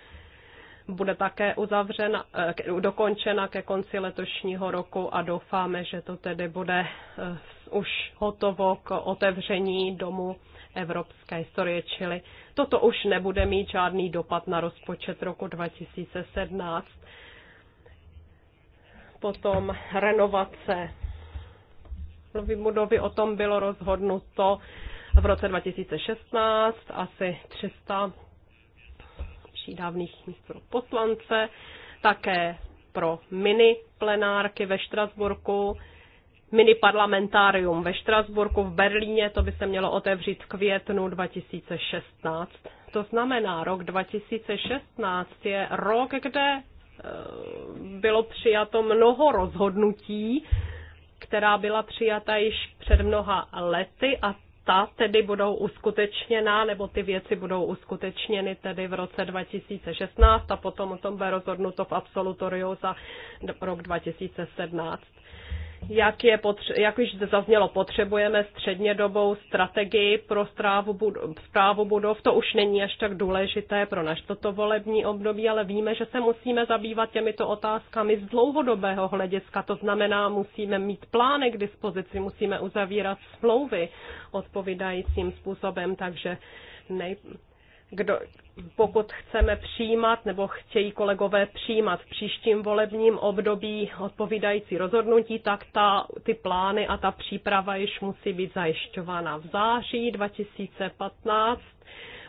bude také uzavřena, eh, dokončena ke konci letošního roku a doufáme, že to tedy bude eh, už hotovo k otevření domu evropské historie, čili toto už nebude mít žádný dopad na rozpočet roku 2017. Potom renovace budovy, o tom bylo rozhodnuto v roce 2016 asi 300 přídavných míst pro poslance, také pro mini plenárky ve Štrasburku, mini parlamentárium ve Štrasburku, v Berlíně, to by se mělo otevřít v květnu 2016. To znamená, rok 2016 je rok, kde eh, bylo přijato mnoho rozhodnutí, která byla přijata již před mnoha lety a ta tedy budou uskutečněna, nebo ty věci budou uskutečněny tedy v roce 2016 a potom o tom bude rozhodnuto v absolutoriu za rok 2017 jak, je potře- jak už zaznělo, potřebujeme střednědobou strategii pro strávu bud- zprávu budov. To už není až tak důležité pro naš toto volební období, ale víme, že se musíme zabývat těmito otázkami z dlouhodobého hlediska. To znamená, musíme mít plány k dispozici, musíme uzavírat smlouvy odpovídajícím způsobem, takže nej- kdo, pokud chceme přijímat nebo chtějí kolegové přijímat v příštím volebním období odpovídající rozhodnutí, tak ta, ty plány a ta příprava již musí být zajišťována. V září 2015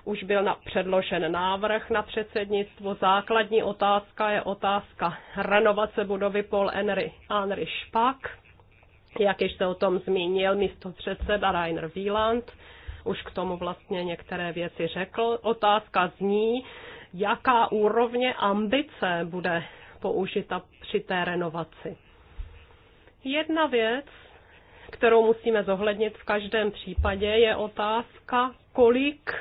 už byl na, předložen návrh na předsednictvo. Základní otázka je otázka renovace budovy Paul Henry, Henry Špak, jak již se o tom zmínil místo předseda Rainer Wieland už k tomu vlastně některé věci řekl. Otázka zní, jaká úrovně ambice bude použita při té renovaci. Jedna věc, kterou musíme zohlednit v každém případě, je otázka, kolik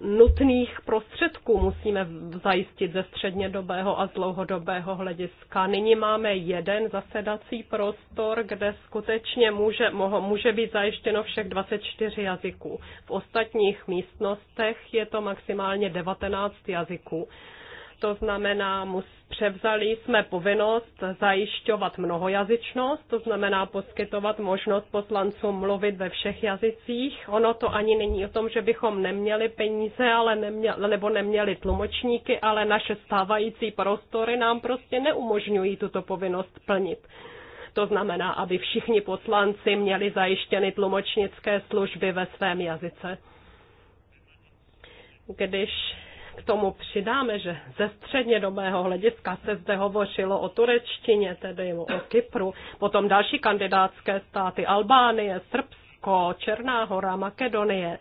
nutných prostředků musíme zajistit ze střednědobého a z dlouhodobého hlediska. Nyní máme jeden zasedací prostor, kde skutečně může, moho, může být zajištěno všech 24 jazyků. V ostatních místnostech je to maximálně 19 jazyků to znamená, převzali jsme povinnost zajišťovat mnohojazyčnost, to znamená poskytovat možnost poslancům mluvit ve všech jazycích. Ono to ani není o tom, že bychom neměli peníze ale neměli, nebo neměli tlumočníky, ale naše stávající prostory nám prostě neumožňují tuto povinnost plnit. To znamená, aby všichni poslanci měli zajištěny tlumočnické služby ve svém jazyce. Když k tomu přidáme, že ze střednědobého hlediska se zde hovořilo o turečtině, tedy o Kypru, potom další kandidátské státy Albánie, Srbsko, Černá hora, Makedonie,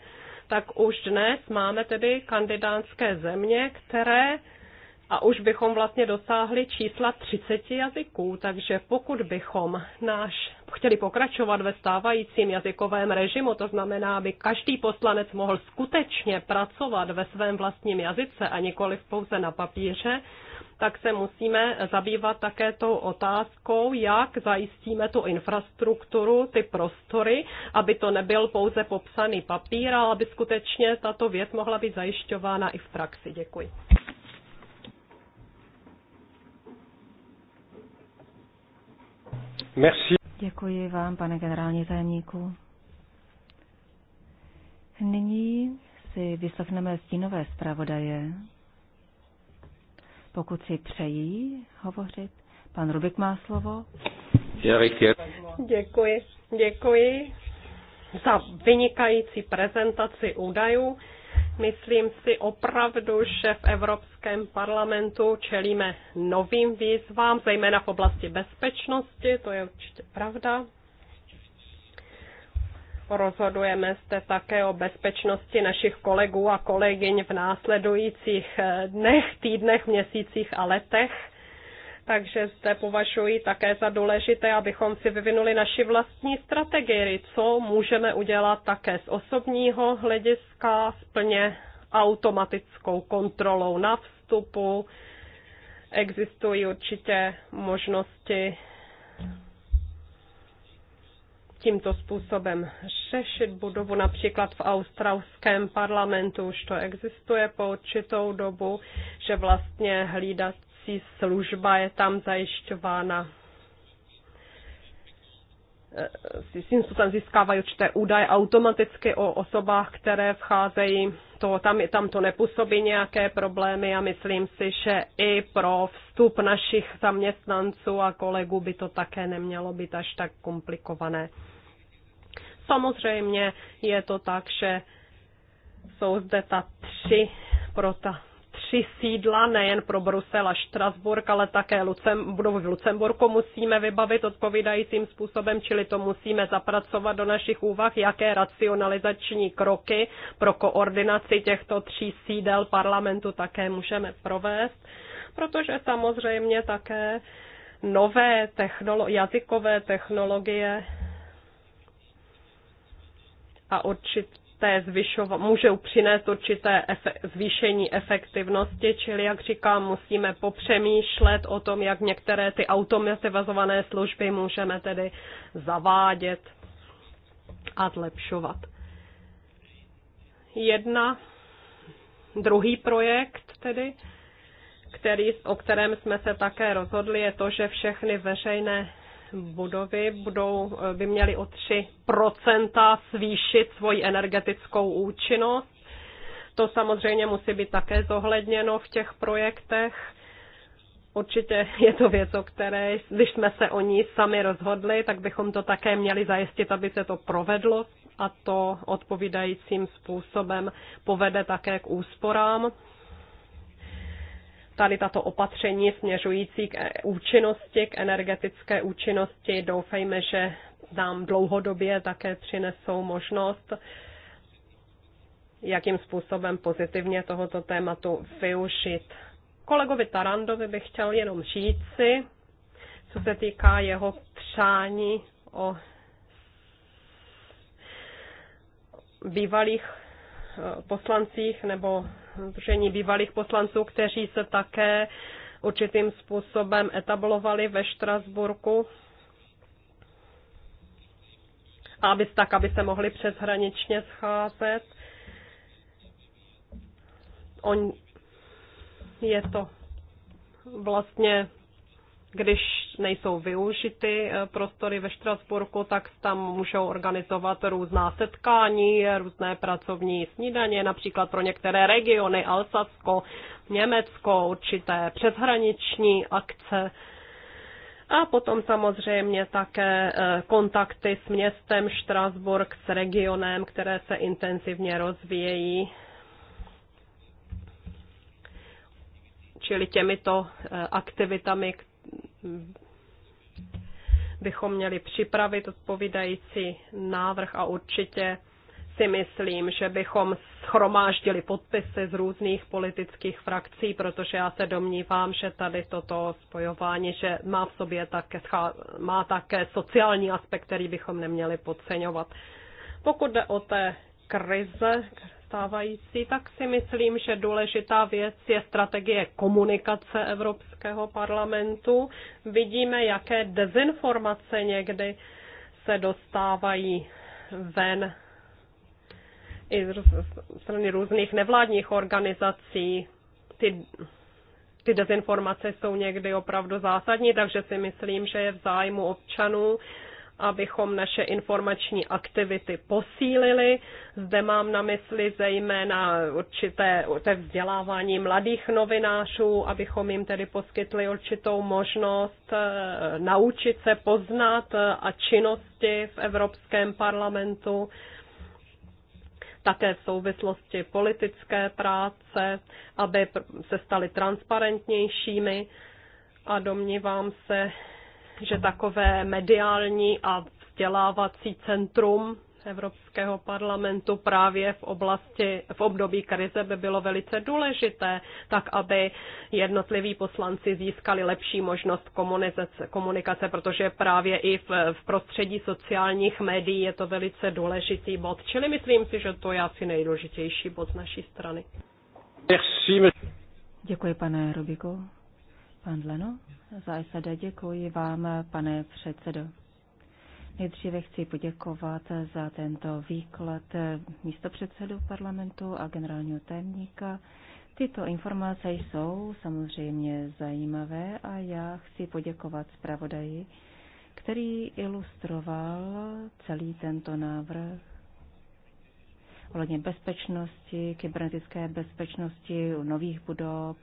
tak už dnes máme tedy kandidátské země, které a už bychom vlastně dosáhli čísla 30 jazyků, takže pokud bychom náš chtěli pokračovat ve stávajícím jazykovém režimu, to znamená, aby každý poslanec mohl skutečně pracovat ve svém vlastním jazyce a nikoli pouze na papíře, tak se musíme zabývat také tou otázkou, jak zajistíme tu infrastrukturu, ty prostory, aby to nebyl pouze popsaný papír, ale aby skutečně tato věc mohla být zajišťována i v praxi. Děkuji. Merci. Děkuji vám, pane generální tajemníku. Nyní si vyslechneme stínové zpravodaje. Pokud si přejí hovořit, pan Rubik má slovo. Děkuji, děkuji za vynikající prezentaci údajů. Myslím si opravdu, že v Evropském parlamentu čelíme novým výzvám, zejména v oblasti bezpečnosti, to je určitě pravda. Rozhodujeme zde také o bezpečnosti našich kolegů a kolegyň v následujících dnech, týdnech, měsících a letech takže zde považuji také za důležité, abychom si vyvinuli naši vlastní strategii, co můžeme udělat také z osobního hlediska s plně automatickou kontrolou na vstupu. Existují určitě možnosti tímto způsobem řešit budovu. Například v australském parlamentu už to existuje po určitou dobu, že vlastně hlídat vzdělávací služba je tam zajišťována e, tím způsobem získávají určité údaje automaticky o osobách, které vcházejí. To, tam, tam to nepůsobí nějaké problémy a myslím si, že i pro vstup našich zaměstnanců a kolegů by to také nemělo být až tak komplikované. Samozřejmě je to tak, že jsou zde ta tři pro ta tři sídla, nejen pro Brusel a Štrasburg, ale také Lucem, budovu v Lucemburku musíme vybavit odpovídajícím způsobem, čili to musíme zapracovat do našich úvah, jaké racionalizační kroky pro koordinaci těchto tří sídel parlamentu také můžeme provést, protože samozřejmě také nové technolo- jazykové technologie a určitě té zvyšova- můžou přinést určité efe- zvýšení efektivnosti, čili jak říkám, musíme popřemýšlet o tom, jak některé ty automatizované služby můžeme tedy zavádět a zlepšovat. Jedna, druhý projekt tedy, který, o kterém jsme se také rozhodli, je to, že všechny veřejné budovy budou, by měly o 3% zvýšit svoji energetickou účinnost. To samozřejmě musí být také zohledněno v těch projektech. Určitě je to věc, o které, když jsme se o ní sami rozhodli, tak bychom to také měli zajistit, aby se to provedlo a to odpovídajícím způsobem povede také k úsporám tady tato opatření směřující k eh, účinnosti, k energetické účinnosti. Doufejme, že nám dlouhodobě také přinesou možnost, jakým způsobem pozitivně tohoto tématu využít. Kolegovi Tarandovi bych chtěl jenom říci, co se týká jeho přání o bývalých eh, poslancích nebo Združení bývalých poslanců, kteří se také určitým způsobem etablovali ve Štrasburku, aby, tak, aby se mohli přeshraničně scházet. On, je to vlastně když nejsou využity eh, prostory ve Štrasburku, tak tam můžou organizovat různá setkání, různé pracovní snídaně, například pro některé regiony, Alsasko, Německo, určité přeshraniční akce. A potom samozřejmě také eh, kontakty s městem Štrasburg, s regionem, které se intenzivně rozvíjejí. Čili těmito eh, aktivitami, bychom měli připravit odpovídající návrh a určitě si myslím, že bychom schromáždili podpisy z různých politických frakcí, protože já se domnívám, že tady toto spojování, že má v sobě také, má také sociální aspekt, který bychom neměli podceňovat. Pokud jde o té krize, stávající, tak si myslím, že důležitá věc je strategie komunikace Evropského parlamentu. Vidíme, jaké dezinformace někdy se dostávají ven i z strany různých nevládních organizací. Ty, ty dezinformace jsou někdy opravdu zásadní, takže si myslím, že je v zájmu občanů abychom naše informační aktivity posílili. Zde mám na mysli zejména určité, určité vzdělávání mladých novinářů, abychom jim tedy poskytli určitou možnost eh, naučit se poznat eh, a činnosti v Evropském parlamentu také v souvislosti politické práce, aby se staly transparentnějšími a domnívám se, že takové mediální a vzdělávací centrum Evropského parlamentu právě v oblasti, v období krize by bylo velice důležité, tak aby jednotliví poslanci získali lepší možnost komunikace, protože právě i v, v prostředí sociálních médií je to velice důležitý bod. Čili myslím si, že to je asi nejdůležitější bod z naší strany. Děkuji, pane Robiko. Pan Leno, za SAD děkuji vám, pane předsedo. Nejdříve chci poděkovat za tento výklad místo parlamentu a generálního tajemníka. Tyto informace jsou samozřejmě zajímavé a já chci poděkovat zpravodaji, který ilustroval celý tento návrh ohledně bezpečnosti, kybernetické bezpečnosti u nových budov,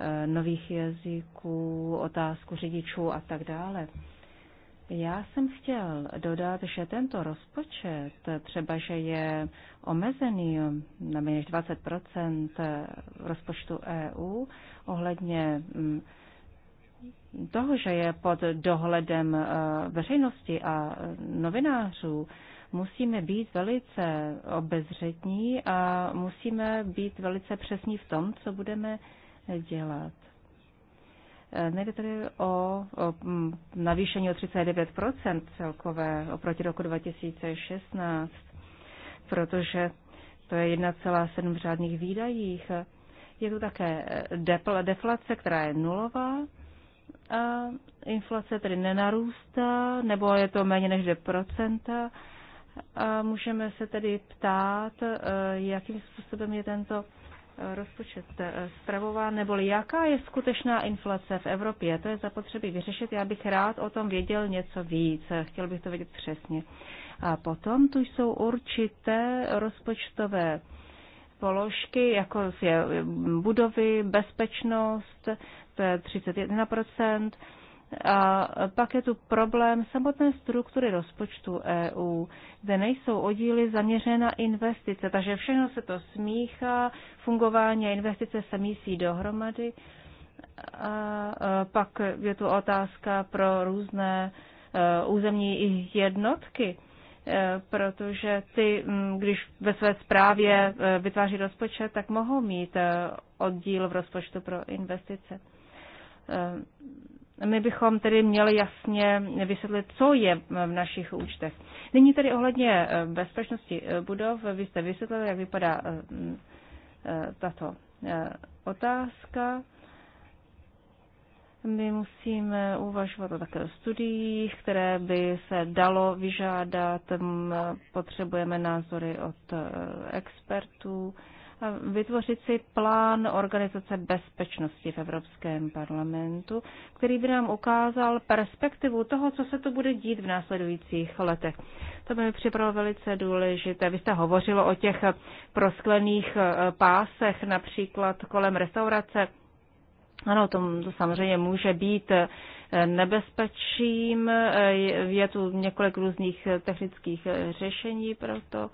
Eh, nových jazyků, otázku řidičů a tak dále. Já jsem chtěl dodat, že tento rozpočet, třeba že je omezený na méně než 20 rozpočtu EU ohledně mm, toho, že je pod dohledem eh, veřejnosti a eh, novinářů, musíme být velice obezřetní a musíme být velice přesní v tom, co budeme dělat. Eh, nejde tedy o, o mm, navýšení o 39 celkové oproti roku 2016, protože to je 1,7 řádných výdajích. Je tu také eh, deflace, která je nulová a inflace tedy nenarůstá, nebo je to méně než 2 a můžeme se tedy ptát, eh, jakým způsobem je tento rozpočet zpravován, eh, nebo jaká je skutečná inflace v Evropě. To je zapotřebí vyřešit. Já bych rád o tom věděl něco víc. Chtěl bych to vědět přesně. A potom tu jsou určité rozpočtové položky, jako je budovy, bezpečnost, to je 31%, a pak je tu problém samotné struktury rozpočtu EU, kde nejsou oddíly zaměřené na investice, takže všechno se to smíchá, fungování a investice se mísí dohromady. A pak je tu otázka pro různé e, územní jednotky, e, protože ty, když ve své zprávě e, vytváří rozpočet, tak mohou mít oddíl v rozpočtu pro investice my bychom tedy měli jasně vysvětlit, co je v našich účtech. Nyní tedy ohledně eh, bezpečnosti eh, budov, vy jste vysvětlili, jak vypadá eh, mm, tato otázka. My musíme uvažovat o takových studiích, které by se dalo vyžádat. Mm, potřebujeme názory od expertů vytvořit si plán organizace bezpečnosti v Evropském parlamentu, který by nám ukázal perspektivu toho, co se to bude dít v následujících letech. To by mi připravilo velice důležité. Vy jste hovořilo o těch prosklených eh, pásech, například kolem restaurace. Ano, to, to samozřejmě může být eh, nebezpečím. Eh, je tu několik různých technických řešení pro to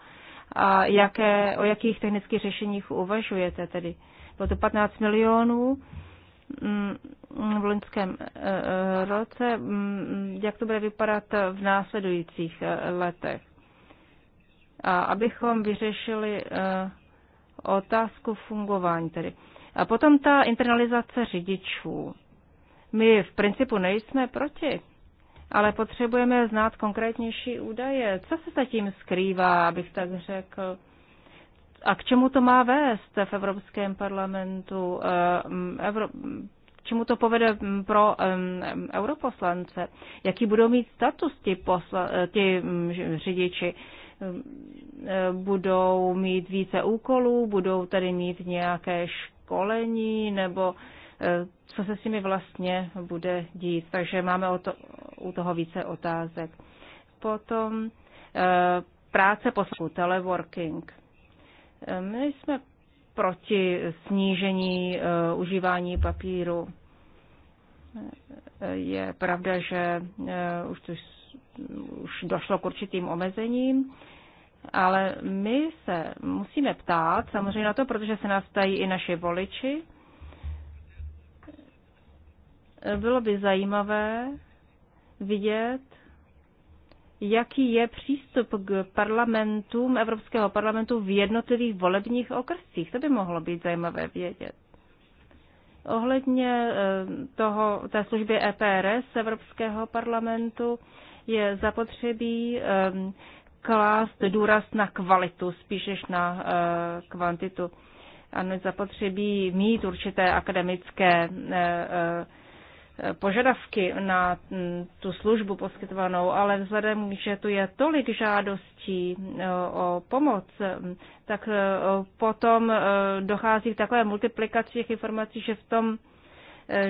a jaké, o jakých technických řešeních uvažujete tedy. Bylo to 15 milionů mm, v loňském e, e, roce. Mm, jak to bude vypadat v následujících e, letech? A abychom vyřešili otázku fungování tedy. A potom ta internalizace řidičů. My v principu nejsme proti ale potřebujeme znát konkrétnější údaje. Co se zatím skrývá, abych tak řekl? A k čemu to má vést v Evropském parlamentu? Ehm, Evro... K čemu to povede mm, pro um, europoslance? Jaký budou mít status ti, posla... Eh, ti mm, řidiči? Ehm, eh, budou mít více úkolů, budou tady mít nějaké školení nebo eh, co se s nimi vlastně bude dít. Takže máme o, to, u toho více otázek. Potom eh, práce poslů, teleworking. Eh, my jsme proti snížení eh, užívání papíru. Je pravda, že už, to, už došlo k určitým omezením, ale my se musíme ptát samozřejmě na to, protože se nás ptají i naši voliči. Bylo by zajímavé vidět, jaký je přístup k parlamentům Evropského parlamentu v jednotlivých volebních okrscích. To by mohlo být zajímavé vědět. Ohledně eh, toho, té služby EPRS Evropského parlamentu je zapotřebí eh, klást důraz na kvalitu spíš než na eh, kvantitu. Ano, zapotřebí mít určité akademické požadavky na mm, tu službu poskytovanou, ale vzhledem, že tu je tolik žádostí e, o pomoc, mm, tak e, potom e, dochází k takové multiplikaci těch informací, že v tom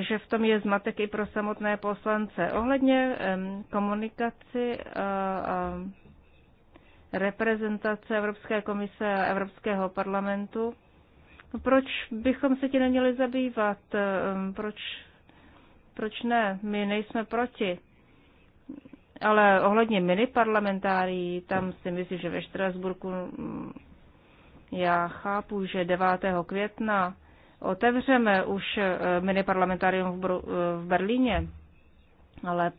že v tom je zmatek i pro samotné poslance. Ohledně komunikaci a reprezentace Evropské komise a Evropského parlamentu, proč bychom se ti neměli zabývat? Proč proč ne? My nejsme proti. Ale ohledně parlamentárí, tam si myslím, že ve Štrasburku mm, já chápu, že 9. května otevřeme už e, miniparlamentarium e, v Berlíně, ale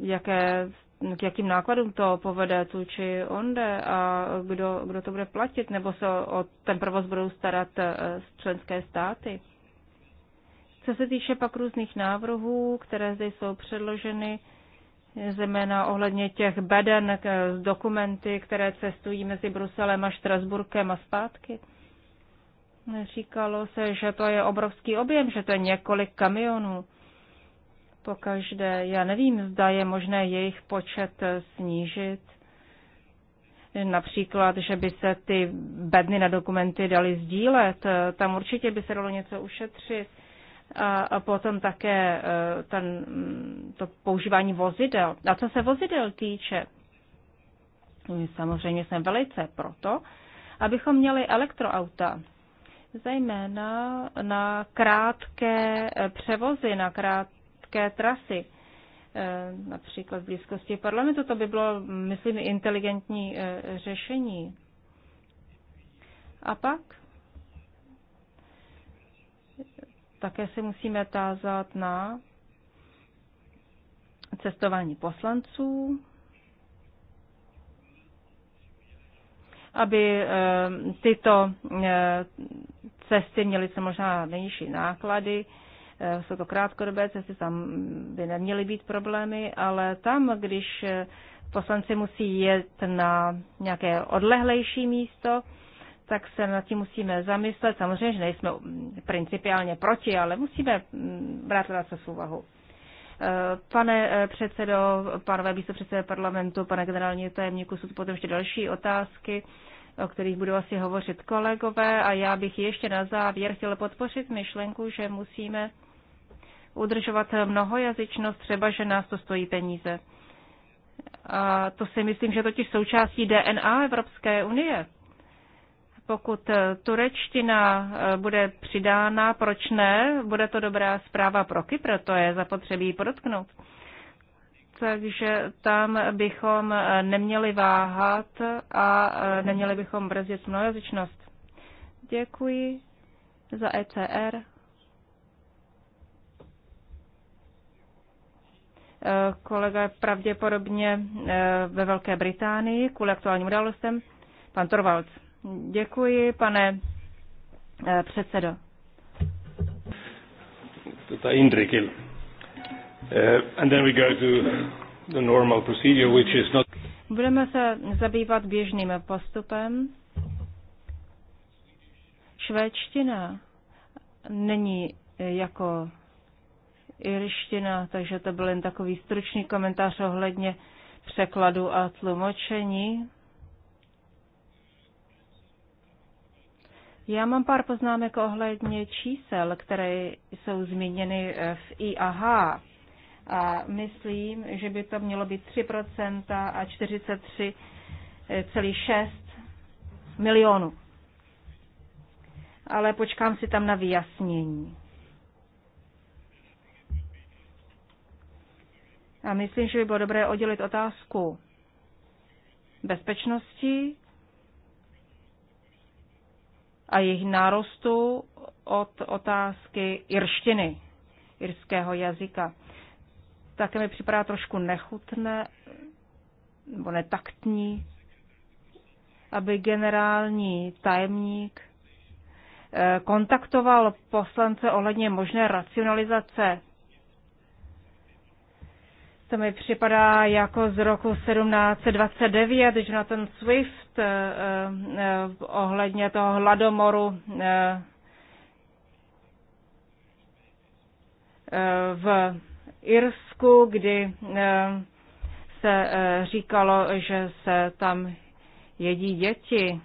jaké, k jakým nákladům to povede tu či onde a kdo, kdo to bude platit, nebo se o ten provoz budou starat e, členské státy. Co se týče pak různých návrhů, které zde jsou předloženy, zejména ohledně těch beden eh, z dokumenty, které cestují mezi Bruselem a Štrasburkem a zpátky. Říkalo se, že to je obrovský objem, že to je několik kamionů. po každé. já nevím, zda je možné jejich počet eh, snížit. Například, že by se ty bedny na dokumenty daly sdílet, eh, tam určitě by se dalo něco ušetřit a potom také e, ten, mm, to používání vozidel. A co se vozidel týče, samozřejmě jsem velice proto, abychom měli elektroauta, zejména na krátké e, převozy, na krátké trasy, e, například v blízkosti parlamentu. To by bylo, myslím, inteligentní řešení. A pak Také se musíme tázat na cestování poslanců, aby eh, tyto eh, cesty měly co možná nejnižší náklady. Eh, jsou to krátkodobé cesty, tam by neměly být problémy, ale tam, když poslanci musí jet na nějaké odlehlejší místo, tak se nad tím musíme zamyslet. Samozřejmě, že nejsme principiálně proti, ale musíme mm, brát zase v úvahu. Eh, pane eh, předsedo, pánové místopředsedové parlamentu, pane generální tajemníku, jsou tu potom ještě další otázky, o kterých budou asi hovořit kolegové a já bych ještě na závěr chtěla podpořit myšlenku, že musíme udržovat mnohojazyčnost, třeba že nás to stojí peníze. A to si myslím, že totiž součástí DNA Evropské unie. Pokud eh, turečtina eh, bude přidána, proč ne? Bude to dobrá zpráva pro Kypr, to je zapotřebí podotknout. Takže tam bychom eh, neměli váhat a neměli bychom brzdit mnohojazyčnost. Děkuji za ECR. kolega pravděpodobně ve Velké Británii kvůli aktuálním událostem, pan Torvalds. Děkuji, pane eh, předsedo. Tota Indrikil. Eh, and then we go to the normal procedure, which is not... Budeme se zabývat běžným postupem. Švédština není eh, jako irština, takže to byl jen takový stručný komentář ohledně překladu a tlumočení. Já mám pár poznámek ohledně čísel, které jsou zmíněny v IAH. A myslím, že by to mělo být 3% a 43,6 milionů. Ale počkám si tam na vyjasnění. A myslím, že by bylo dobré oddělit otázku bezpečnosti a jejich nárostu od otázky irštiny, irského jazyka. Také mi připadá trošku nechutné nebo netaktní, aby generální tajemník eh, kontaktoval poslance ohledně možné racionalizace to mi připadá jako z roku 1729, když na ten Swift eh, eh, ohledně toho hladomoru eh, eh v Irsku, kdy eh, se eh, říkalo, že se tam jedí děti.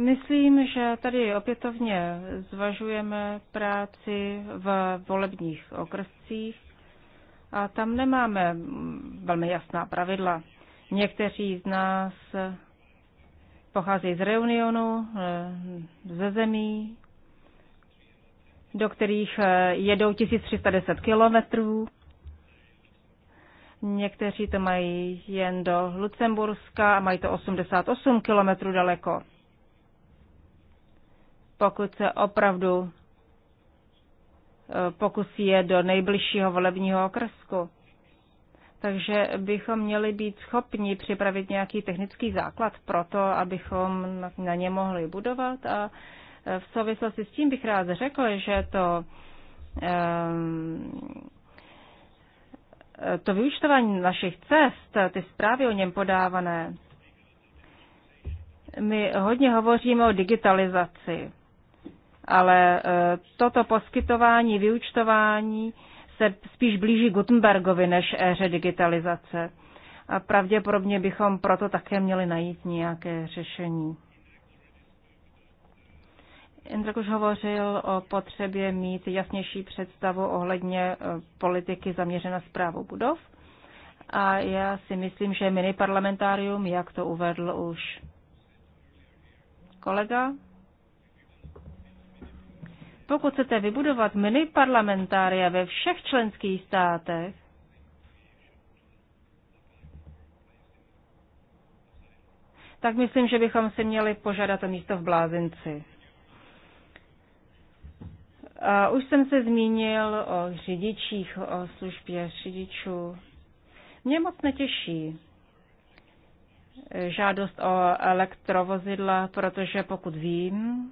Myslím, že tady opětovně zvažujeme práci v volebních okrscích a tam nemáme velmi jasná pravidla. Někteří z nás pocházejí z Reunionu, eh, ze zemí, do kterých eh, jedou 1310 kilometrů. Někteří to mají jen do Lucemburska a mají to 88 kilometrů daleko pokud se opravdu eh, pokusí je do nejbližšího volebního okrsku. Takže bychom měli být schopni připravit nějaký technický základ pro to, abychom na ně mohli budovat. A eh, v souvislosti s tím bych rád řekl, že to, ehm, to vyučtování našich cest, ty zprávy o něm podávané, my hodně hovoříme o digitalizaci ale e, toto poskytování, vyučtování se spíš blíží Gutenbergovi než éře digitalizace. A pravděpodobně bychom proto také měli najít nějaké řešení. Indrek už hovořil o potřebě mít jasnější představu ohledně e, politiky zaměřené zprávou budov. A já si myslím, že mini parlamentárium, jak to uvedl už kolega, pokud chcete vybudovat mini parlamentária ve všech členských státech, tak myslím, že bychom si měli požádat o místo v blázinci. A už jsem se zmínil o řidičích, o službě řidičů. Mě moc netěší žádost o elektrovozidla, protože pokud vím,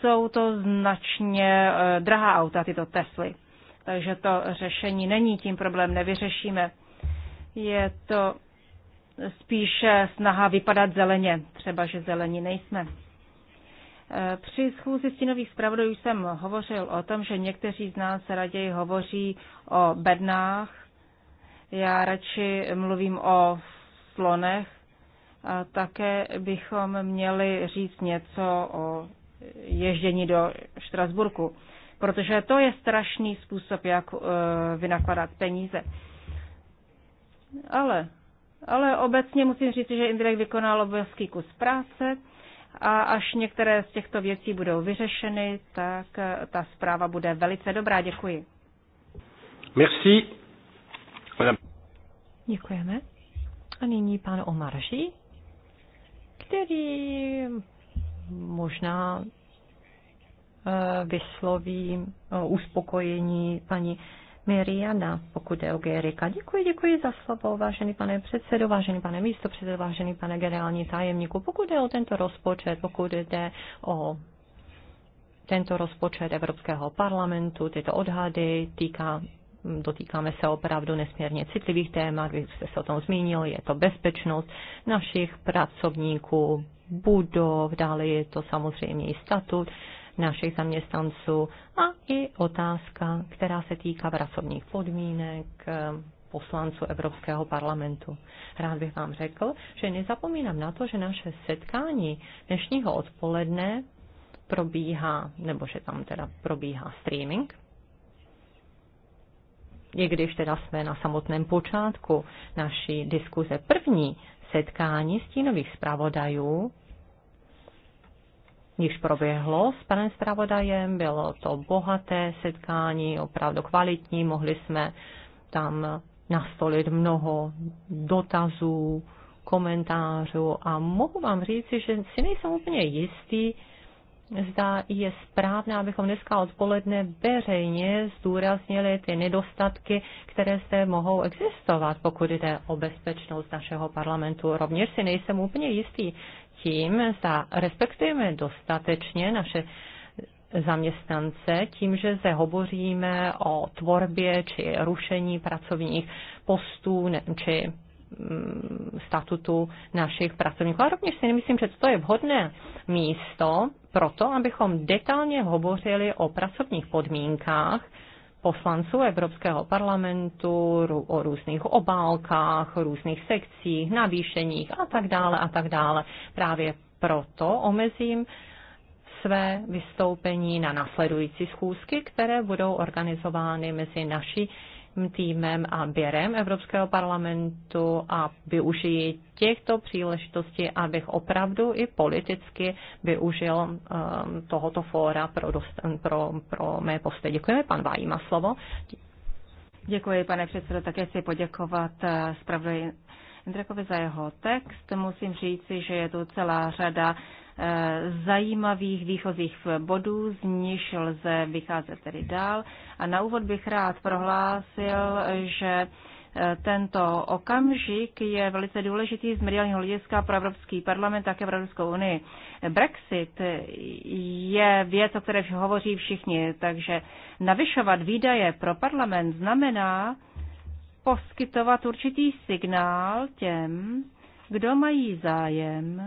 jsou to značně eh, drahá auta, tyto Tesly. Takže to řešení není tím problém, nevyřešíme. Je to spíše snaha vypadat zeleně, třeba že zelení nejsme. Eh, při schůzi stínových zpravodajů jsem hovořil o tom, že někteří z nás raději hovoří o bednách. Já radši mluvím o slonech. A také bychom měli říct něco o ježdění do Štrasburku, protože to je strašný způsob, jak eh, vynakladat peníze. Ale, ale obecně musím říct, že Indrek vykonal obrovský kus práce a až některé z těchto věcí budou vyřešeny, tak eh, ta zpráva bude velice dobrá. Děkuji. Merci. Děkujeme. A nyní pan Omarží, který možná eh, vysloví eh, uspokojení paní Miriana, pokud je o Gerika. Děkuji, děkuji za slovo, vážený pane předsedo, vážený pane místo předsedo, vážený pane generální tajemníku. Pokud je o tento rozpočet, pokud jde o tento rozpočet Evropského parlamentu, tyto odhady týká dotýkáme se opravdu nesmírně citlivých témat, vy jste se o tom zmínil, je to bezpečnost našich pracovníků, budov, dále je to samozřejmě i statut našich zaměstnanců a i otázka, která se týká pracovních podmínek eh, poslanců Evropského parlamentu. Rád bych vám řekl, že nezapomínám na to, že naše setkání dnešního odpoledne probíhá, nebo že tam teda probíhá streaming, i když teda jsme na samotném počátku naší diskuze. První setkání stínových zpravodajů již proběhlo s panem zpravodajem, bylo to bohaté setkání, opravdu kvalitní, mohli jsme tam nastolit mnoho dotazů, komentářů a mohu vám říci, že si nejsem úplně jistý, zda je správné, abychom dneska odpoledne veřejně zdůraznili ty nedostatky, které se mohou existovat, pokud jde o bezpečnost našeho parlamentu. Rovněž si nejsem úplně jistý tím, zda respektujeme dostatečně naše zaměstnance tím, že se hovoříme o tvorbě či rušení pracovních postů či Mm, statutu našich pracovníků. A rovněž si nemyslím, že to je vhodné místo pro to, abychom detailně hovořili o pracovních podmínkách poslanců Evropského parlamentu, o různých obálkách, různých sekcích, navýšeních a tak dále a tak dále. Právě proto omezím své vystoupení na následující schůzky, které budou organizovány mezi naší týmem a běrem Evropského parlamentu a využiji těchto příležitostí, abych opravdu i politicky využil um, tohoto fóra pro, dost, um, pro, pro mé posty. Děkujeme, pan Vájíma slovo. Děkuji, pane předsedo. Také chci poděkovat uh, zpravodaji Indrakovi za jeho text. Musím říci, že je tu celá řada zajímavých výchozích bodů, z níž lze vycházet tedy dál. A na úvod bych rád prohlásil, že eh, tento okamžik je velice důležitý z mediálního hlediska pro Evropský parlament, také pro Evropskou unii. Brexit je věc, o které hovoří všichni, takže navyšovat výdaje pro parlament znamená poskytovat určitý signál těm, kdo mají zájem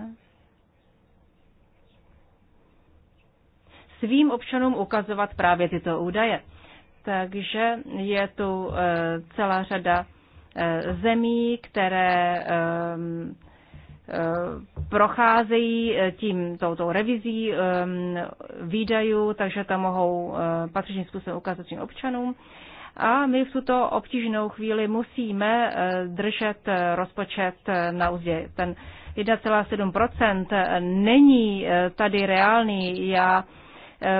svým občanům ukazovat právě tyto údaje. Takže je tu eh, celá řada eh, zemí, které ehm, eh, procházejí tím touto revizí ehm, výdajů, takže tam mohou patřičným způsobem ukázat svým občanům. A my v tuto obtížnou chvíli musíme držet rozpočet na úzdě. Ten 1,7% není tady reálný. Já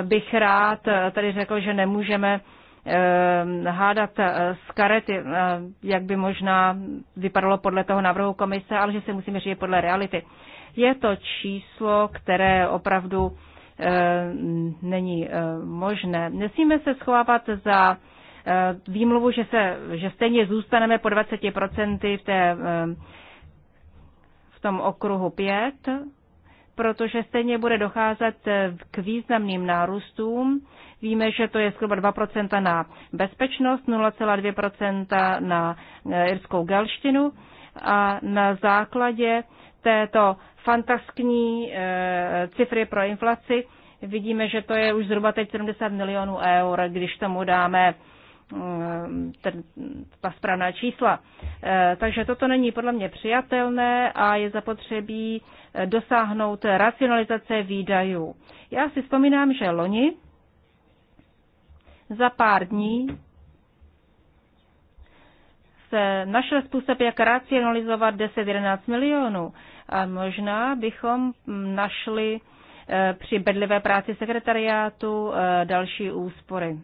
bych rád eh, tady řekl, že nemůžeme eh, hádat eh, z karety, jak by možná vypadalo podle toho návrhu komise, ale že se musíme řídit podle reality. Je to číslo, které opravdu není možné. Nesmíme se schovávat za výmluvu, že, se, že stejně zůstaneme po 20% v, té, v tom okruhu 5, protože stejně bude docházet eh, k významným nárůstům. Víme, že to je zhruba 2% na bezpečnost, 0,2% na eh, irskou galštinu a na základě této fantaskní eh, cifry pro inflaci vidíme, že to je už zhruba teď 70 milionů eur, když tomu dáme ten, ta správná čísla. Eh, takže toto není podle mě přijatelné a je zapotřebí eh, dosáhnout racionalizace výdajů. Já si vzpomínám, že loni za pár dní se našel způsob, jak racionalizovat 10-11 milionů. A možná bychom našli eh, při bedlivé práci sekretariátu další úspory.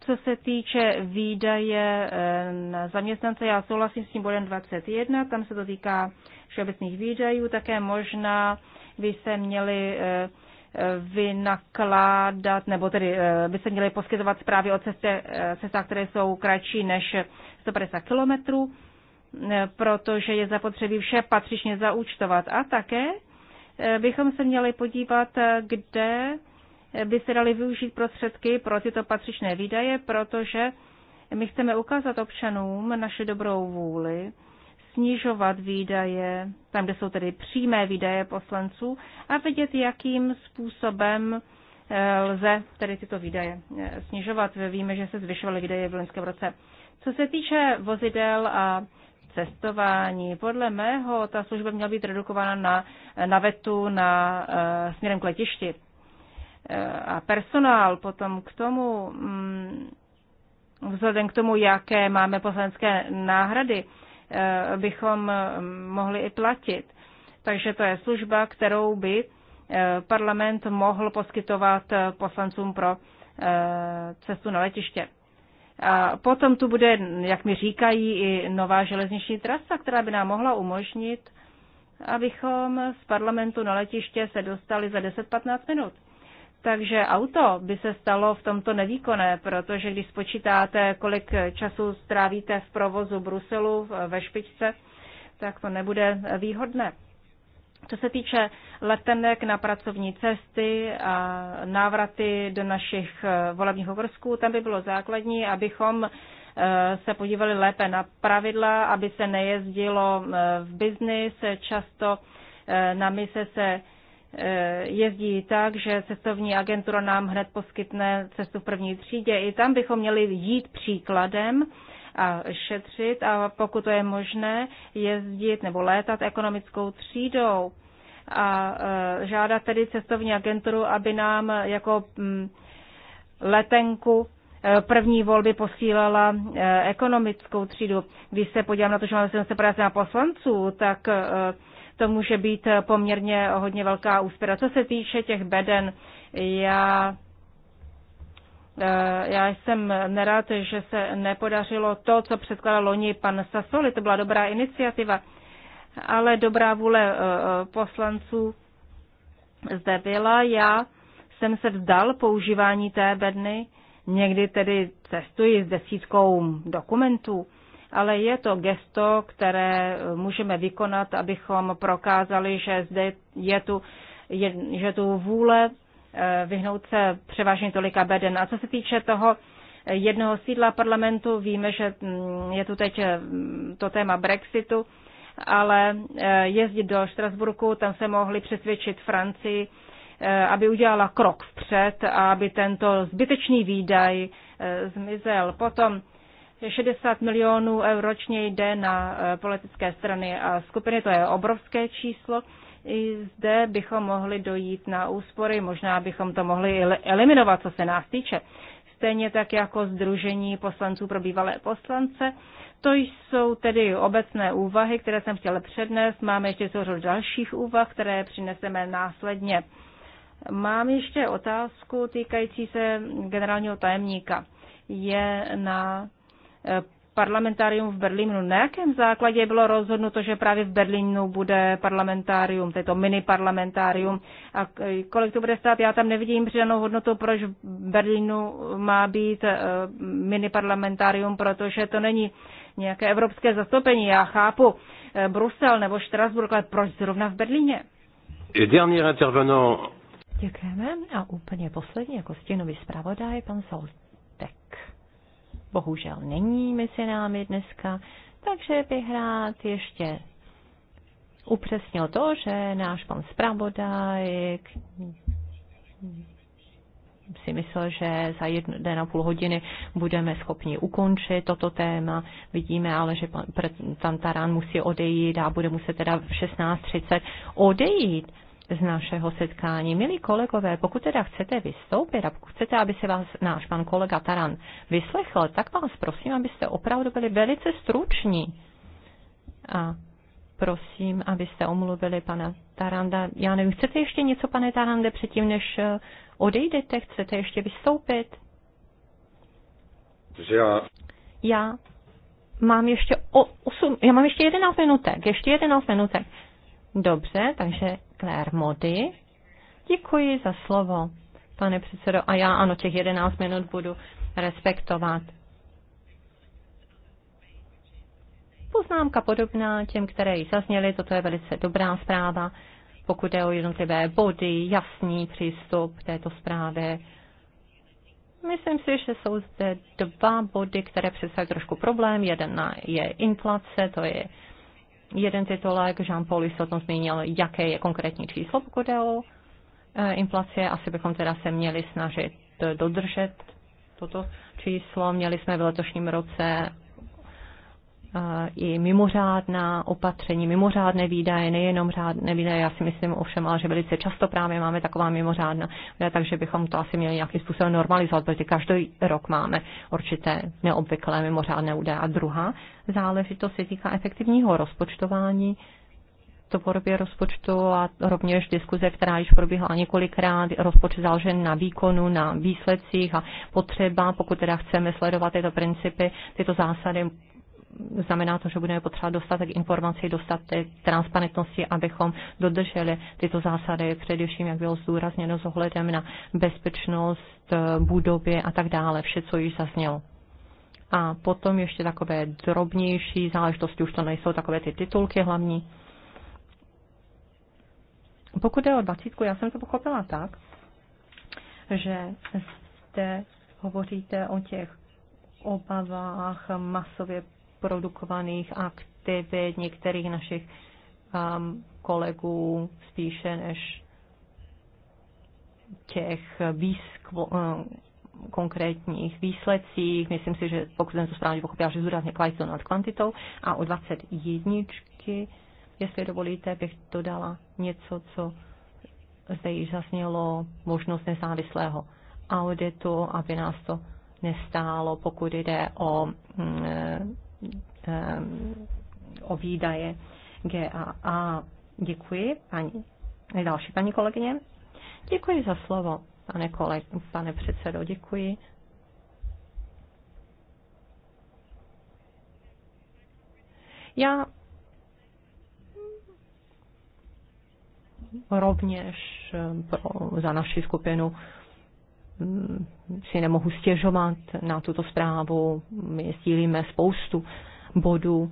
Co se týče výdaje eh, na zaměstnance, já souhlasím s tím bodem 21, tam se to týká všeobecných výdajů, také možná by se měli eh, eh, vynakládat, nebo tedy by se měly poskytovat zprávy o cestě, cestách, které jsou kratší než 150 kilometrů, protože je zapotřebí vše patřičně zaúčtovat. A také bychom se měli podívat, kde by se daly využít prostředky pro tyto patřičné výdaje, protože my chceme ukázat občanům naši dobrou vůli, snižovat výdaje, tam, kde jsou tedy přímé výdaje poslanců, a vidět, jakým způsobem eh, lze tedy tyto výdaje eh, snižovat. Víme, že se zvyšovaly výdaje v loňském roce. Co se týče vozidel a cestování, podle mého ta služba měla být redukována na navetu na, na, eh, směrem k letišti a personál potom k tomu, mm, vzhledem k tomu, jaké máme poslanecké náhrady, eh, bychom mm, mohli i platit. Takže to je služba, kterou by eh, parlament mohl poskytovat eh, poslancům pro cestu na letiště. A potom tu bude, jak mi říkají, i nová železniční trasa, která by nám mohla umožnit, abychom z parlamentu na letiště se dostali za 10-15 minut. Takže auto by se stalo v tomto nevýkonné, protože když spočítáte, kolik času strávíte v provozu Bruselu ve špičce, tak to nebude výhodné. Co se týče letenek na pracovní cesty a návraty do našich eh, volebních okrsků, tam by bylo základní, abychom eh, se podívali lépe na pravidla, aby se nejezdilo eh, v biznis. Často na mise se Eh, jezdí tak, že cestovní agentura nám hned poskytne cestu v první třídě. I tam bychom měli jít příkladem a šetřit a pokud to je možné, jezdit nebo létat ekonomickou třídou a eh, žádat tedy cestovní agenturu, aby nám jako mm, letenku eh, první volby posílala ekonomickou třídu. Když se podívám na to, že máme 750 poslanců, tak to může být poměrně hodně velká úspěra. Co se týče těch beden, já, eh, já jsem nerad, že se nepodařilo to, co předkládal loni pan Sasoli. To byla dobrá iniciativa, ale dobrá vůle eh, eh, poslanců zde byla. Já jsem se vzdal používání té bedny, někdy tedy cestuji s desítkou dokumentů ale je to gesto, které můžeme vykonat, abychom prokázali, že zde je tu, je, že tu vůle eh, vyhnout se převážně tolika beden. A co se týče toho eh, jednoho sídla parlamentu, víme, že mm, je tu teď eh, to téma Brexitu, ale jezdit do Štrasburku, tam se mohli přesvědčit Francii, aby udělala krok vpřed a aby tento zbytečný výdaj zmizel. Potom 60 milionů eur ročně jde na e, politické strany a skupiny, to je obrovské číslo. I zde bychom mohli dojít na úspory, možná bychom to mohli eliminovat, co se nás týče. Stejně tak jako Združení poslanců pro bývalé poslance. To jsou tedy obecné úvahy, které jsem chtěla přednést. Máme ještě souřad dalších úvah, které přineseme následně. Mám ještě otázku týkající se generálního tajemníka. Je na parlamentárium v Berlínu. Na jakém základě bylo rozhodnuto, že právě v Berlínu bude parlamentárium, to, to mini parlamentárium? A kolik to bude stát? Já tam nevidím přidanou hodnotu, proč v Berlínu má být eh, mini parlamentárium, protože to není nějaké evropské zastoupení. Já chápu eh, Brusel nebo Štrasburg, ale proč zrovna v Berlíně? Děkujeme a úplně poslední jako stěnový zpravodaj, pan Solt bohužel není mezi námi dneska, takže bych rád ještě upřesnil to, že náš pan zpravodaj si myslel, že za den a půl hodiny budeme schopni ukončit toto téma. Vidíme ale, že pan, pan Tarán musí odejít a bude muset teda v 16.30 odejít z našeho setkání. Milí kolegové, pokud teda chcete vystoupit a pokud chcete, aby se vás náš pan kolega Taran vyslechl, tak vás prosím, abyste opravdu byli velice struční. A prosím, abyste omluvili pana Taranda. Já nevím, chcete ještě něco, pane Tarande, předtím, než eh, odejdete? Chcete ještě vystoupit? Já. Já mám ještě o, osm, já mám ještě 11 minutek, ještě 11 minutek. Dobře, takže Claire Mody. Děkuji za slovo, pane předsedo. A já ano, těch 11 minut budu respektovat. Poznámka podobná těm, které ji zazněly, toto je velice dobrá zpráva, pokud je o jednotlivé body, jasný přístup této zprávě. Myslím si, že jsou zde dva body, které představují trošku problém. Jeden je inflace, to je jeden titulek, Jean-Paul tom zmínil, jaké je konkrétní číslo, pokud je o e, inflace. Asi bychom teda se měli snažit dodržet toto číslo. Měli jsme v letošním roce i mimořádná opatření, mimořádné výdaje, nejenom řádné výdaje, já si myslím ovšem, ale že velice často právě máme taková mimořádná, takže bychom to asi měli nějakým způsobem normalizovat, protože každý rok máme určité neobvyklé mimořádné údaje. A druhá záležitost se týká efektivního rozpočtování podobě rozpočtu a rovněž diskuze, která již probíhala několikrát, rozpočet založen na výkonu, na výsledcích a potřeba, pokud teda chceme sledovat tyto principy, tyto zásady, znamená to, že budeme potřebovat dostatek informací, dostatek transparentnosti, abychom dodrželi tyto zásady, především, jak bylo zdůrazněno, s ohledem na bezpečnost eh, budovy a tak dále, vše, co již zaznělo. A potom ještě takové drobnější záležitosti, už to nejsou takové ty titulky hlavní. Pokud je o dvacítku, já jsem to pochopila tak, že zde hovoříte o těch obavách masově produkovaných aktivit některých našich um, kolegů spíše než těch um, konkrétních výsledcích. Myslím si, že pokud jsem to správně pochopila, že zúrazně kvalitou nad kvantitou. A u 21, jestli dovolíte, bych dodala něco, co zde již zasnělo možnost nezávislého auditu, aby nás to nestálo, pokud jde o mm, Ehm, o výdaje GAA. Děkuji, paní, další paní kolegyně. Děkuji za slovo, pane, koleg, pane předsedo, děkuji. Já rovněž ehm, pro, za naši skupinu Mm, si nemohu stěžovat na tuto zprávu. My sdílíme spoustu bodů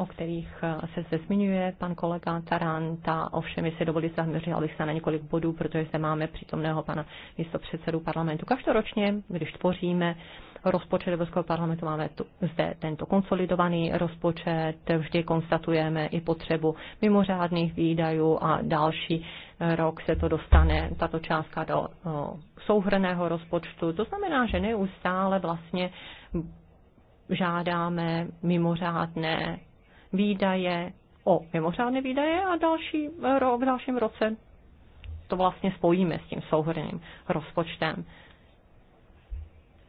o kterých eh, se zde zmiňuje pan kolega Taranta. Ovšem, jestli dovolí zaměřila bych se na několik bodů, protože zde máme přítomného pana místopředsedu parlamentu. Každoročně, když tvoříme rozpočet Evropského parlamentu, máme tu, zde tento konsolidovaný rozpočet, vždy konstatujeme i potřebu mimořádných výdajů a další eh, rok se to dostane, tato částka do eh, souhrného rozpočtu. To znamená, že neustále vlastně žádáme mimořádné výdaje o mimořádné výdaje a další eh, rok, v dalším roce to vlastně spojíme s tím souhrným rozpočtem.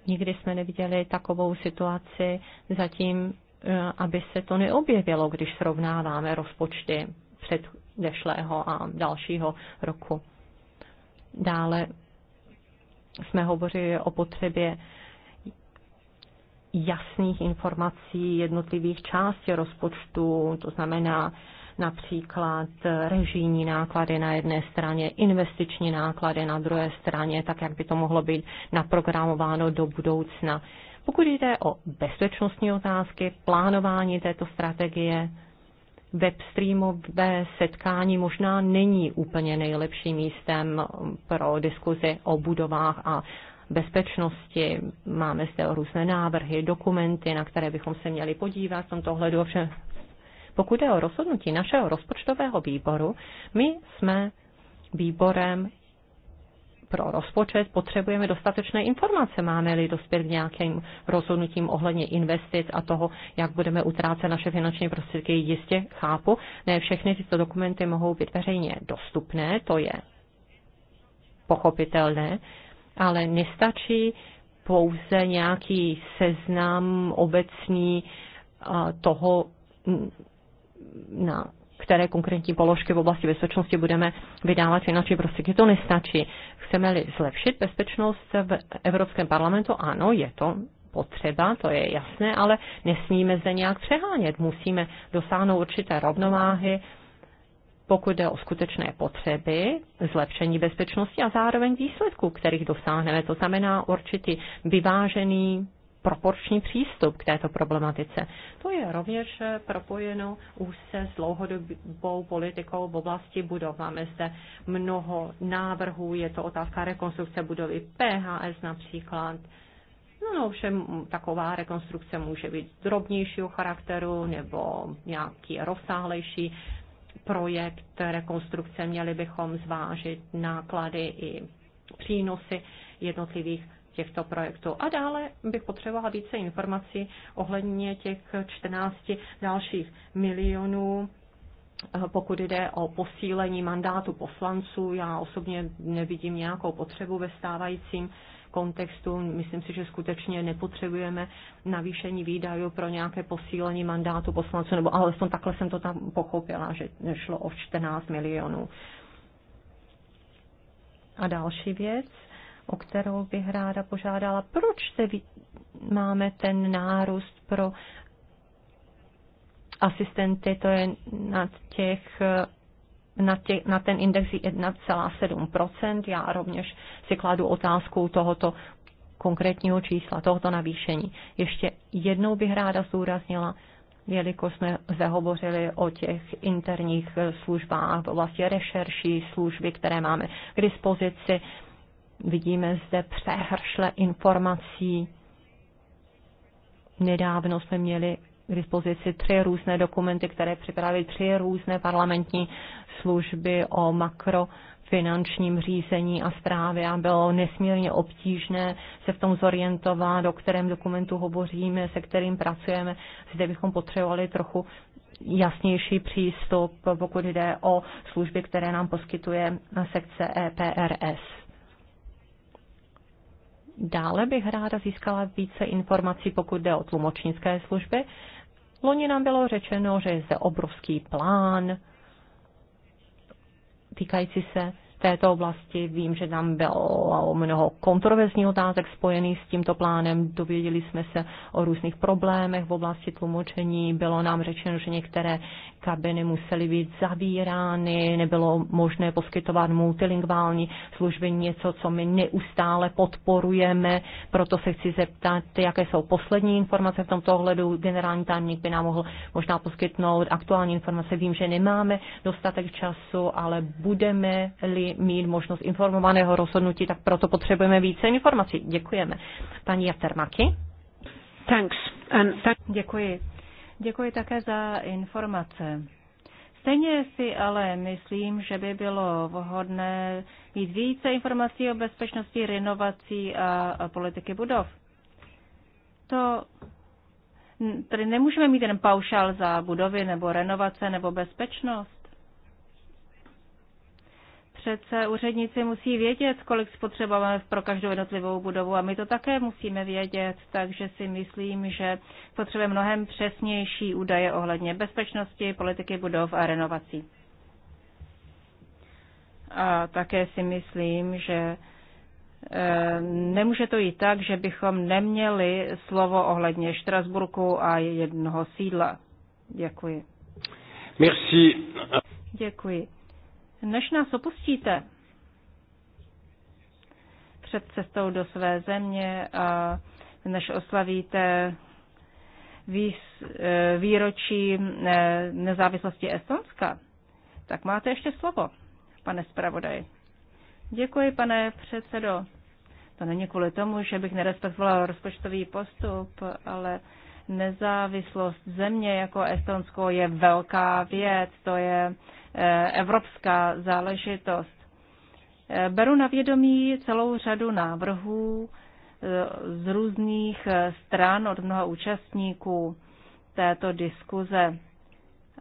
Nikdy jsme neviděli takovou situaci zatím, eh, aby se to neobjevilo, když srovnáváme rozpočty předešlého a dalšího roku. Dále jsme hovořili o potřebě jasných informací jednotlivých částí rozpočtu, to znamená například režijní náklady na jedné straně, investiční náklady na druhé straně, tak jak by to mohlo být naprogramováno do budoucna. Pokud jde o bezpečnostní otázky, plánování této strategie, webstreamové setkání možná není úplně nejlepším místem pro diskuzi o budovách a bezpečnosti. Máme zde různé návrhy, dokumenty, na které bychom se měli podívat v tomto ohledu. Ovšem, pokud je o rozhodnutí našeho rozpočtového výboru, my jsme výborem pro rozpočet potřebujeme dostatečné informace, máme-li dospět k nějakým rozhodnutím ohledně investic a toho, jak budeme utrácet naše finanční prostředky. Jistě chápu, ne všechny tyto dokumenty mohou být veřejně dostupné, to je pochopitelné, ale nestačí pouze nějaký seznam obecný toho, na které konkrétní položky v oblasti bezpečnosti budeme vydávat finanční prostředky. To nestačí. Chceme-li zlepšit bezpečnost v Evropském parlamentu, ano, je to potřeba, to je jasné, ale nesmíme zde nějak přehánět. Musíme dosáhnout určité rovnováhy pokud jde o skutečné potřeby, zlepšení bezpečnosti a zároveň výsledků, kterých dosáhneme. To znamená určitý vyvážený proporční přístup k této problematice. To je rovněž propojeno už se s dlouhodobou politikou v oblasti budov. Máme zde mnoho návrhů, je to otázka rekonstrukce budovy PHS například. No, no všem taková rekonstrukce může být drobnějšího charakteru nebo nějaký rozsáhlejší projekt rekonstrukce, měli bychom zvážit náklady i přínosy jednotlivých těchto projektů. A dále bych potřebovala více informací ohledně těch 14 dalších milionů pokud jde o posílení mandátu poslanců, já osobně nevidím nějakou potřebu ve stávajícím kontextu. Myslím si, že skutečně nepotřebujeme navýšení výdajů pro nějaké posílení mandátu poslanců, nebo alespoň takhle jsem to tam pochopila, že šlo o 14 milionů. A další věc, o kterou bych ráda požádala, proč tedy máme ten nárůst pro asistenty, to je nad těch na, tě, na ten index 1,7%. Já rovněž si kladu otázku tohoto konkrétního čísla, tohoto navýšení. Ještě jednou bych ráda zúraznila, jelikož jsme zde hovořili o těch interních službách, vlastně rešerší služby, které máme k dispozici. Vidíme zde přehršle informací. Nedávno jsme měli k dispozici tři různé dokumenty, které připravily tři různé parlamentní služby o makro finančním řízení a zprávě a bylo nesmírně obtížné se v tom zorientovat, o kterém dokumentu hovoříme, se kterým pracujeme. Zde bychom potřebovali trochu jasnější přístup, pokud jde o služby, které nám poskytuje sekce EPRS. Dále bych ráda získala více informací, pokud jde o tlumočnické služby. Loni nám bylo řečeno, že je zde obrovský plán týkající se této oblasti. Vím, že tam bylo mnoho kontroverzních otázek spojených s tímto plánem. Dověděli jsme se o různých problémech v oblasti tlumočení. Bylo nám řečeno, že některé kabiny musely být zavírány, nebylo možné poskytovat multilingvální služby, něco, co my neustále podporujeme. Proto se chci zeptat, jaké jsou poslední informace v tomto ohledu. Generální tajemník by nám mohl možná poskytnout aktuální informace. Vím, že nemáme dostatek času, ale budeme-li mít možnost informovaného rozhodnutí, tak proto potřebujeme více informací. Děkujeme. Paní Jatermaki. Thanks. And th- Děkuji. Děkuji také za informace. Stejně si ale myslím, že by bylo vhodné mít více informací o bezpečnosti renovací a, a politiky budov. To tedy nemůžeme mít jen paušál za budovy nebo renovace nebo bezpečnost. Přece úředníci musí vědět, kolik spotřebujeme pro každou jednotlivou budovu a my to také musíme vědět, takže si myslím, že potřebujeme mnohem přesnější údaje ohledně bezpečnosti, politiky budov a renovací. A také si myslím, že e, nemůže to jít tak, že bychom neměli slovo ohledně Štrasburku a jednoho sídla. Děkuji. Merci. Děkuji. Než nás opustíte před cestou do své země a než oslavíte e, výročí e, nezávislosti Estonska, tak máte ještě slovo, pane zpravodaj. Děkuji, pane předsedo. To není kvůli tomu, že bych nerespektovala rozpočtový postup, ale Nezávislost země jako Estonsko je velká věc, to je eh, evropská záležitost. Eh, beru na vědomí celou řadu návrhů eh, z různých stran od mnoha účastníků této diskuze.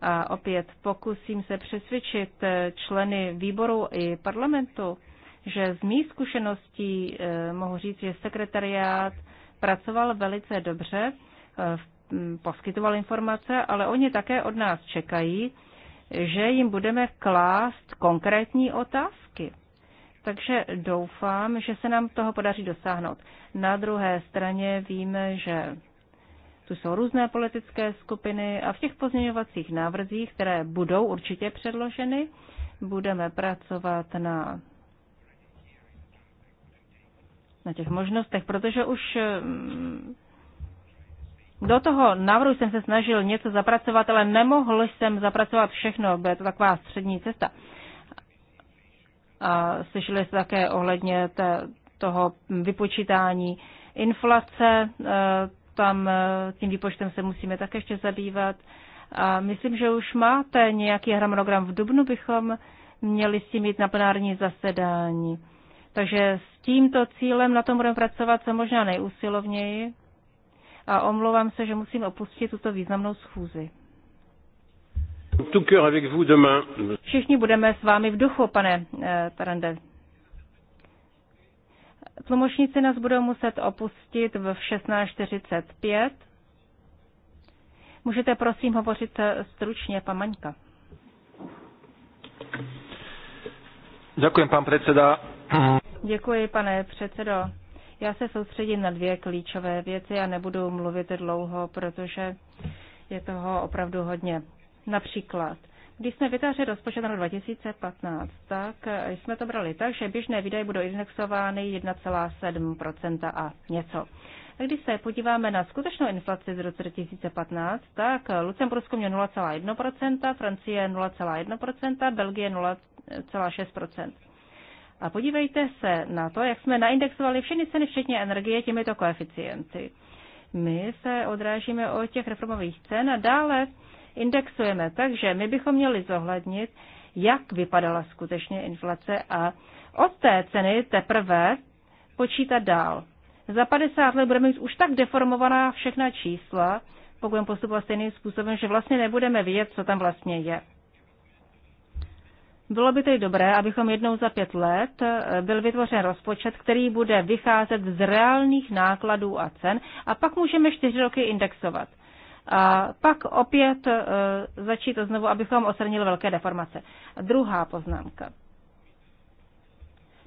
A opět pokusím se přesvědčit členy výboru i parlamentu, že z mých zkušeností mohu říct, že sekretariát pracoval velice dobře poskytoval informace, ale oni také od nás čekají, že jim budeme klást konkrétní otázky. Takže doufám, že se nám toho podaří dosáhnout. Na druhé straně víme, že tu jsou různé politické skupiny a v těch pozměňovacích návrzích, které budou určitě předloženy, budeme pracovat na, na těch možnostech, protože už do toho návrhu jsem se snažil něco zapracovat, ale nemohl jsem zapracovat všechno, byla to taková střední cesta. A slyšeli jste také ohledně té, toho vypočítání inflace, e, tam e, tím výpočtem se musíme také ještě zabývat. A myslím, že už máte nějaký harmonogram v Dubnu, bychom měli s tím mít na plenární zasedání. Takže s tímto cílem na tom budeme pracovat co možná nejúsilovněji a omlouvám se, že musím opustit tuto významnou schůzi. Všichni budeme s vámi v duchu, pane eh, Tarande. Tlumočníci nás budou muset opustit v 16.45. Můžete prosím hovořit eh, stručně, pan Maňka. Děkuji, pan předseda. Děkuji, pane předsedo. Já se soustředím na dvě klíčové věci a nebudu mluvit dlouho, protože je toho opravdu hodně. Například, když jsme vytvářeli rozpočet na 2015, tak jsme to brali tak, že běžné výdaje budou indexovány 1,7 a něco. A když se podíváme na skutečnou inflaci z roce 2015, tak Lucembursko mělo 0,1%, Francie 0,1%, Belgie 0,6%. A podívejte se na to, jak jsme naindexovali všechny ceny, včetně energie, těmito koeficienty. My se odrážíme od těch reformových cen a dále indexujeme. Takže my bychom měli zohlednit, jak vypadala skutečně inflace a od té ceny teprve počítat dál. Za 50 let budeme mít už tak deformovaná všechna čísla, pokud budeme postupovat stejným způsobem, že vlastně nebudeme vědět, co tam vlastně je. Bylo by tedy dobré, abychom jednou za pět let eh, byl vytvořen rozpočet, který bude vycházet z reálných nákladů a cen a pak můžeme čtyři roky indexovat. A pak opět eh, začít znovu, abychom odstranili velké deformace. A druhá poznámka.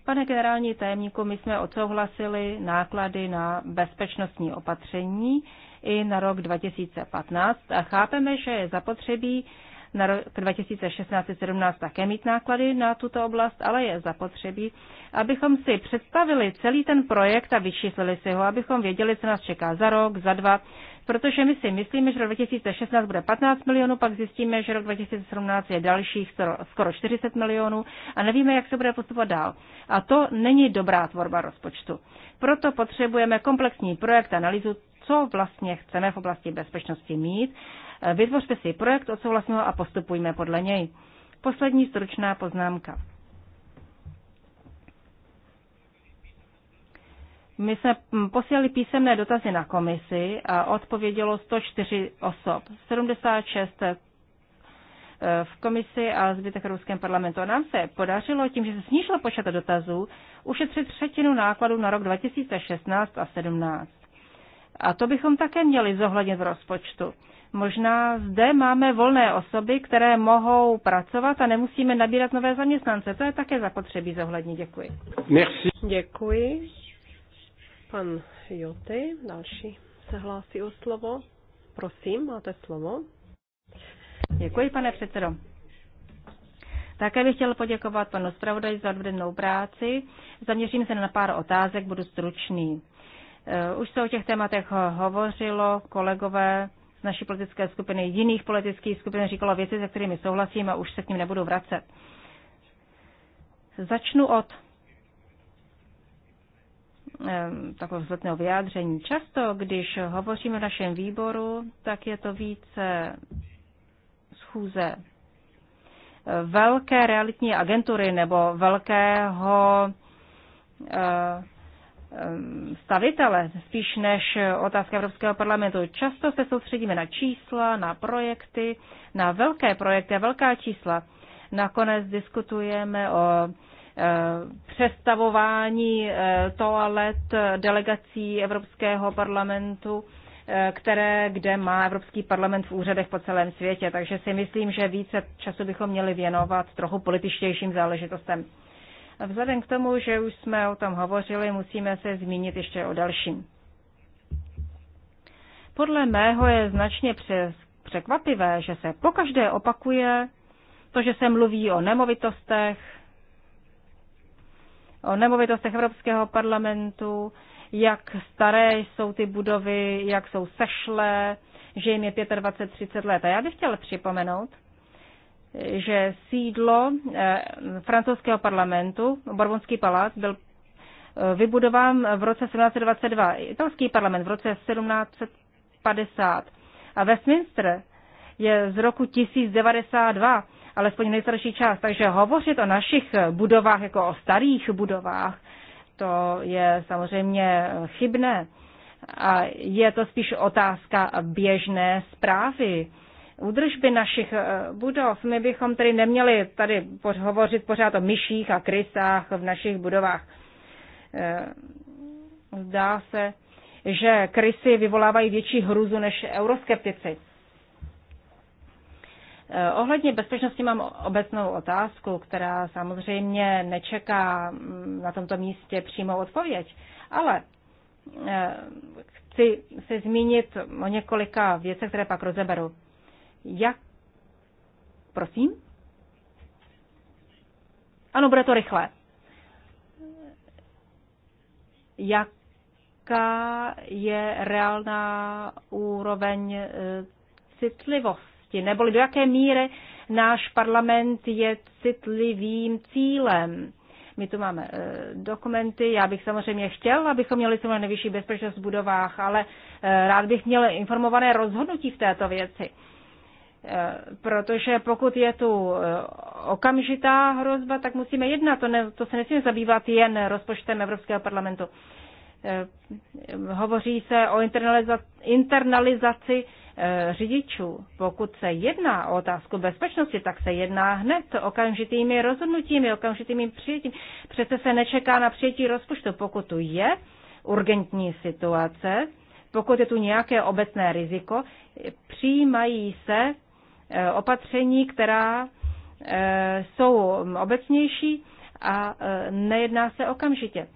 Pane generální tajemníku, my jsme odsouhlasili náklady na bezpečnostní opatření i na rok 2015 a chápeme, že je zapotřebí na rok 2016-2017 také mít náklady na tuto oblast, ale je zapotřebí, abychom si představili celý ten projekt a vyčíslili si ho, abychom věděli, co nás čeká za rok, za dva, protože my si myslíme, že rok 2016 bude 15 milionů, pak zjistíme, že rok 2017 je dalších skoro 40 milionů a nevíme, jak se bude postupovat dál. A to není dobrá tvorba rozpočtu. Proto potřebujeme komplexní projekt, analýzu, co vlastně chceme v oblasti bezpečnosti mít Vytvořte si projekt, odsouhlasíme a postupujme podle něj. Poslední stručná poznámka. My jsme posílali písemné dotazy na komisi a odpovědělo 104 osob, 76 eh, v komisi a zbytek Ruském parlamentu. A nám se podařilo tím, že se snížil počet dotazů, ušetřit třetinu nákladů na rok 2016 a 17. A to bychom také měli zohlednit v rozpočtu. Možná zde máme volné osoby, které mohou pracovat a nemusíme nabírat nové zaměstnance. To je také zapotřebí zohlednit. Děkuji. Merci. Děkuji. Pan Joty, další se hlásí o slovo. Prosím, máte slovo. Děkuji, pane předsedo. Také bych chtěl poděkovat panu zpravodaji za odvedenou práci. Zaměřím se na pár otázek, budu stručný. Eh, už se o těch tématech hovořilo, kolegové naší politické skupiny, jiných politických skupin říkala věci, se kterými souhlasím a už se k ním nebudu vracet. Začnu od eh, takového vzletného vyjádření. Často, když hovoříme v našem výboru, tak je to více schůze eh, velké realitní agentury nebo velkého eh, Ehm, stavitele, spíš než otázka Evropského parlamentu. Často se soustředíme na čísla, na projekty, na velké projekty a velká čísla. Nakonec diskutujeme o ehm, přestavování ehm, toalet delegací Evropského parlamentu, které, kde má Evropský parlament v úřadech po celém světě. Takže si myslím, že více času bychom měli věnovat trochu političtějším záležitostem. Vzhledem k tomu, že už jsme o tom hovořili, musíme se zmínit ještě o dalším. Podle mého je značně překvapivé, že se pokaždé opakuje to, že se mluví o nemovitostech, o nemovitostech Evropského parlamentu, jak staré jsou ty budovy, jak jsou sešlé, že jim je 25-30 let. A já bych chtěl připomenout, že sídlo eh, francouzského parlamentu, Borbonský palác, byl eh, vybudován v roce 1722, italský parlament v roce 1750 a Westminster je z roku 1092, alespoň nejstarší část. Takže hovořit o našich budovách jako o starých budovách, to je samozřejmě chybné. A je to spíš otázka běžné zprávy údržby našich eh, budov. My bychom tedy neměli tady hovořit pořád o myších a krysách v našich budovách. Eh, zdá se, že krysy vyvolávají větší hruzu než euroskeptici. Eh, ohledně bezpečnosti mám obecnou otázku, která samozřejmě nečeká mm, na tomto místě přímou odpověď, ale chci se zmínit o několika věcech, které pak rozeberu. Jak? Prosím? Ano, bude to rychle. Jaká je reálná úroveň e, citlivosti, neboli do jaké míry náš parlament je citlivým cílem. My tu máme e, dokumenty, já bych samozřejmě chtěl, abychom měli co nejvyšší bezpečnost v budovách, ale e, rád bych měl informované rozhodnutí v této věci. E, Eh, protože pokud je tu eh, okamžitá hrozba, tak musíme jednat. To, ne, to se nesmíme zabývat jen rozpočtem Evropského parlamentu. Eh, hovoří se o internalizaci, internalizaci řidičů. Pokud se jedná o otázku bezpečnosti, tak se jedná hned okamžitými rozhodnutími, okamžitými přijetím. Přece se nečeká na přijetí rozpočtu. Pokud tu je urgentní situace, pokud je tu nějaké obecné riziko, přijímají se Eh, opatření, která eh, jsou obecnější a eh, nejedná se okamžitě.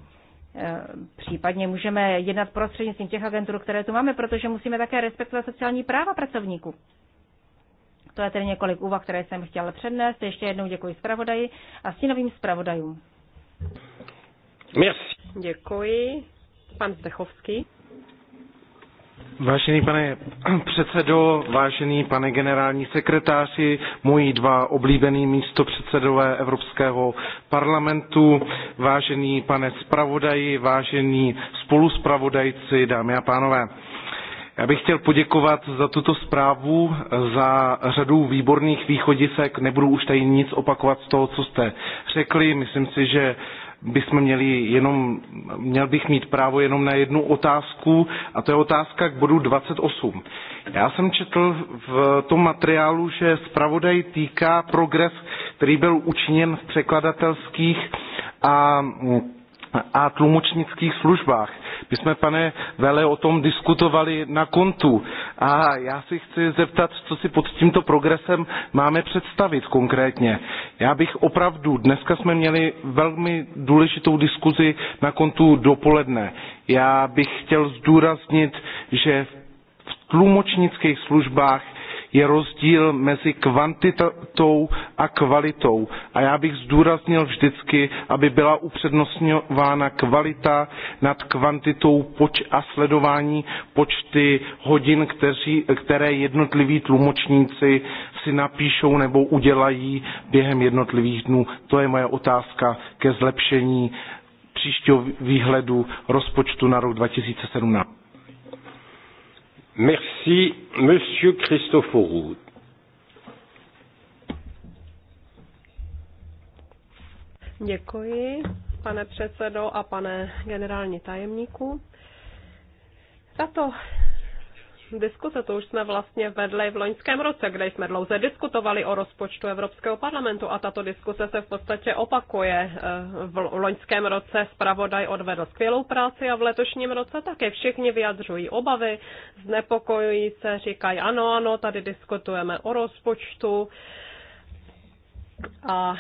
Případně můžeme jednat prostřednictvím těch agentů, které tu máme, protože musíme také respektovat sociální práva pracovníků. To je tedy několik úvah, které jsem chtěla přednést. Ještě jednou děkuji zpravodaji a stínovým zpravodajům. Děkuji. Pan Zdechovský. Vážený pane předsedo, vážený pane generální sekretáři, moji dva místo předsedové Evropského parlamentu, vážený pane zpravodaji, vážení spoluspravodajci, dámy a pánové. Já bych chtěl poděkovat za tuto zprávu, za řadu výborných východisek. Nebudu už tady nic opakovat z toho, co jste řekli. Myslím si, že bychom měli jenom, měl bych mít právo jenom na jednu otázku a to je otázka k bodu 28. Já jsem četl v tom materiálu, že zpravodaj týká progres, který byl učiněn v překladatelských a, a tlumočnických službách my jsme, pane Vele, o tom diskutovali na kontu a já si chci zeptat, co si pod tímto progresem máme představit konkrétně. Já bych opravdu, dneska jsme měli velmi důležitou diskuzi na kontu dopoledne. Já bych chtěl zdůraznit, že v tlumočnických službách je rozdíl mezi kvantitou a kvalitou. A já bych zdůraznil vždycky, aby byla upřednostňována kvalita nad kvantitou a sledování počty hodin, které jednotliví tlumočníci si napíšou nebo udělají během jednotlivých dnů. To je moje otázka ke zlepšení příštího výhledu rozpočtu na rok seventeen Merci, Monsieur Christophorou. Děkuji, pane předsedo a pane generální tajemníku. Tato diskuse, to už jsme vlastně vedli v loňském roce, kde jsme dlouze diskutovali o rozpočtu Evropského parlamentu a tato diskuse se v podstatě opakuje. Eh, v loňském roce zpravodaj odvedl skvělou práci a v letošním roce také všichni vyjadřují obavy, znepokojují se, říkají ano, ano, tady diskutujeme o rozpočtu a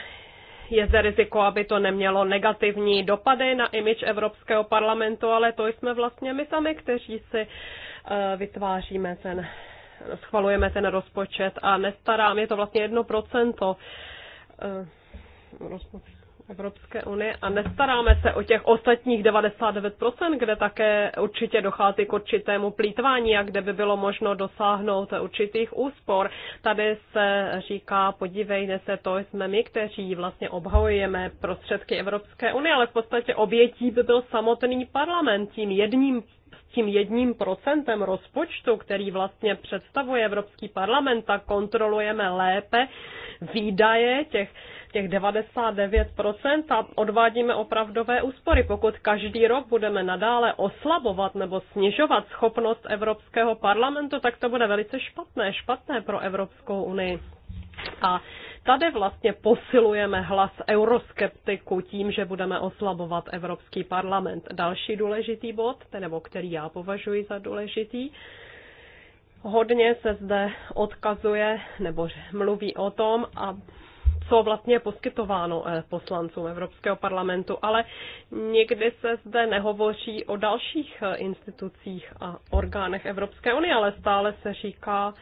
je zde riziko, aby to nemělo negativní dopady na imič Evropského parlamentu, ale to jsme vlastně my sami, kteří si uh, Eh, vytváříme ten, schvalujeme ten rozpočet a nestarám, je to vlastně jedno procento eh, Evropské unie a nestaráme se o těch ostatních 99%, kde také určitě dochází k určitému plítvání a kde by bylo možno dosáhnout určitých úspor. Tady se říká, podívejte se, to jsme my, kteří vlastně obhajujeme prostředky Evropské unie, ale v podstatě obětí by byl samotný parlament tím jedním tím jedním procentem rozpočtu, který vlastně představuje Evropský parlament, tak kontrolujeme lépe výdaje těch, těch 99% a odvádíme opravdové úspory. Pokud každý rok budeme nadále oslabovat nebo snižovat schopnost Evropského parlamentu, tak to bude velice špatné, špatné pro Evropskou unii. A tady vlastně posilujeme hlas euroskeptiku tím, že budeme oslabovat Evropský parlament. Další důležitý bod, ten, nebo který já považuji za důležitý, hodně se zde odkazuje nebo mluví o tom, a co vlastně je poskytováno eh, poslancům Evropského parlamentu, ale někdy se zde nehovoří o dalších eh, institucích a orgánech Evropské unie, ale stále se říká,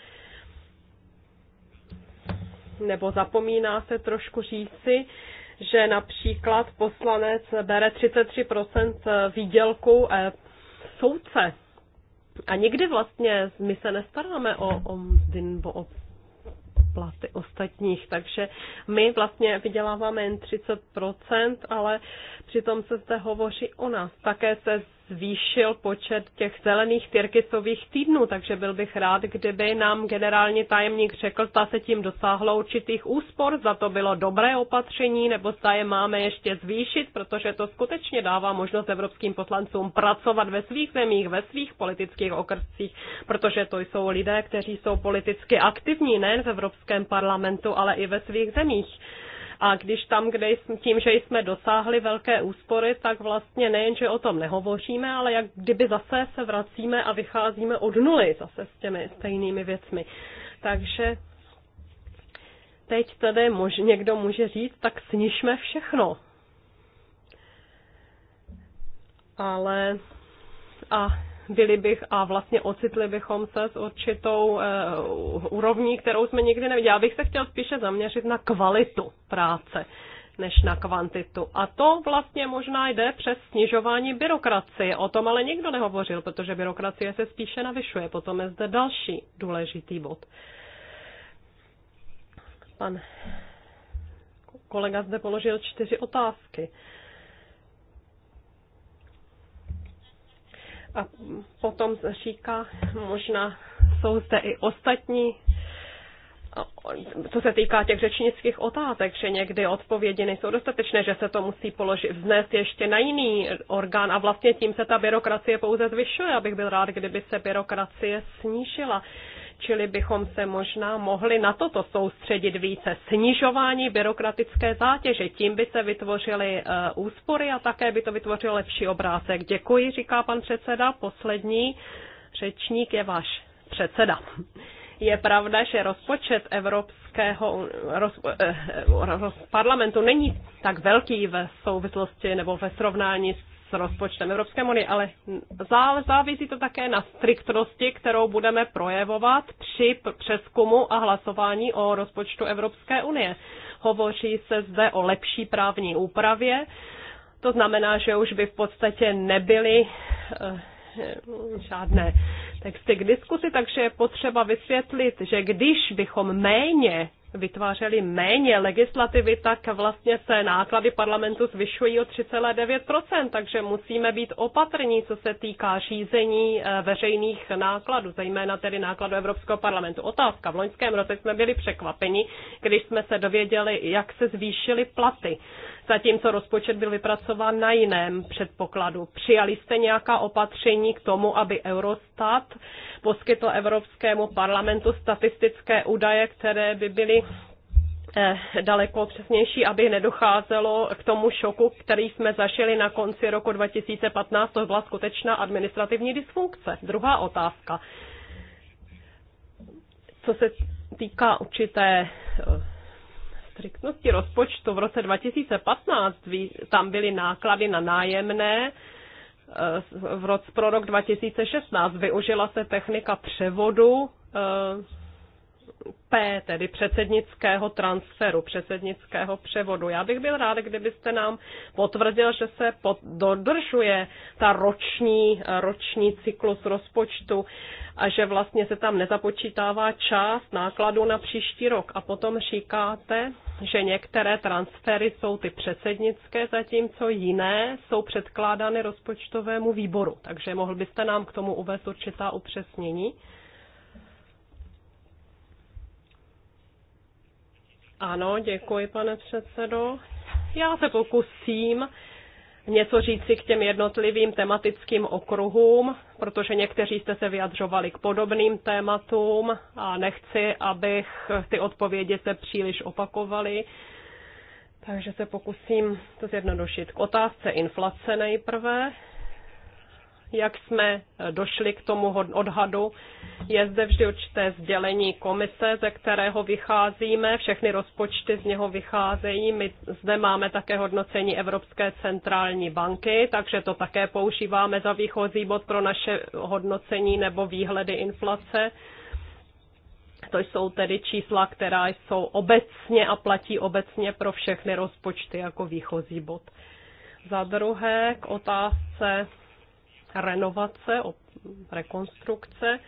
nebo zapomíná se trošku říci, že například poslanec bere 33% výdělku eh, soudce. A nikdy vlastně my se nestaráme o, o mzdy nebo o platy ostatních, takže my vlastně vyděláváme jen 30%, ale přitom se zde hovoří o nás. Také se zvýšil počet těch zelených tyrkisových týdnů, takže byl bych rád, kdyby nám generální tajemník řekl, zda se tím dosáhlo určitých úspor, za to bylo dobré opatření, nebo zda je máme ještě zvýšit, protože to skutečně dává možnost evropským poslancům pracovat ve svých zemích, ve svých politických okrscích, protože to jsou lidé, kteří jsou politicky aktivní nejen v Evropském parlamentu, ale i ve svých zemích. A když tam, kde jsme, tím, že jsme dosáhli velké úspory, tak vlastně nejenže o tom nehovoříme, ale jak kdyby zase se vracíme a vycházíme od nuly zase s těmi stejnými věcmi. Takže teď tedy mož, někdo může říct, tak snižme všechno. Ale a byli bych a vlastně ocitli bychom se s určitou uh, úrovní, kterou jsme nikdy neviděli. Já bych se chtěl spíše zaměřit na kvalitu práce než na kvantitu. A to vlastně možná jde přes snižování byrokracie. O tom ale nikdo nehovořil, protože byrokracie se spíše navyšuje. Potom je zde další důležitý bod. Pan kolega zde položil čtyři otázky. Uh, A potom říká, možná jsou zde i ostatní co se týká těch řečnických otázek, že někdy odpovědi nejsou dostatečné, že se to musí položit, vznést ještě na jiný orgán a vlastně tím se ta byrokracie pouze zvyšuje. Abych byl rád, kdyby se byrokracie snížila čili bychom se možná mohli na toto soustředit více. Snižování byrokratické zátěže, tím by se vytvořily eh, úspory a také by to vytvořilo lepší obrázek. Děkuji, říká pan předseda. Poslední řečník je váš předseda. Je pravda, že rozpočet Evropského roz, eh, roz, parlamentu není tak velký ve souvislosti nebo ve srovnání s s rozpočtem Evropské unie, ale závisí to také na striktnosti, kterou budeme projevovat při přeskumu a hlasování o rozpočtu Evropské unie. Hovoří se zde o lepší právní úpravě, to znamená, že už by v podstatě nebyly eh, žádné texty k diskusi, takže je potřeba vysvětlit, že když bychom méně vytvářeli méně legislativy, tak vlastně se náklady parlamentu zvyšují o 3,9%, takže musíme být opatrní, co se týká řízení eh, veřejných nákladů, zejména tedy nákladů Evropského parlamentu. Otázka. V loňském roce jsme byli překvapeni, když jsme se dověděli, jak se zvýšily platy zatímco rozpočet byl vypracován na jiném předpokladu. Přijali jste nějaká opatření k tomu, aby Eurostat poskytl Evropskému parlamentu statistické údaje, které by byly eh, daleko přesnější, aby nedocházelo k tomu šoku, který jsme zašili na konci roku 2015. To byla skutečná administrativní dysfunkce. Druhá otázka. Co se týká určité eh, striktnosti rozpočtu v roce 2015 tam byly náklady na nájemné eh, v roce pro rok 2016. Využila se technika převodu eh, P, tedy předsednického transferu, předsednického převodu. Já bych byl rád, kdybyste nám potvrdil, že se pod, dodržuje ta roční, roční cyklus rozpočtu a že vlastně se tam nezapočítává část nákladu na příští rok. A potom říkáte, že některé transfery jsou ty předsednické, zatímco jiné jsou předkládány rozpočtovému výboru. Takže mohl byste nám k tomu uvést určitá upřesnění? Ano, děkuji, pane předsedo. Já se pokusím něco říci k těm jednotlivým tematickým okruhům, protože někteří jste se vyjadřovali k podobným tématům a nechci, abych ty odpovědi se příliš opakovaly. Takže se pokusím to zjednodušit. K otázce inflace nejprve jak jsme eh, došli k tomu odhadu, je zde vždy určité sdělení komise, ze kterého vycházíme, všechny rozpočty z něho vycházejí. My zde máme také hodnocení Evropské centrální banky, takže to také používáme za výchozí bod pro naše hodnocení nebo výhledy inflace. To jsou tedy čísla, která jsou obecně a platí obecně pro všechny rozpočty jako výchozí bod. Za druhé k otázce renovace, o rekonstrukce.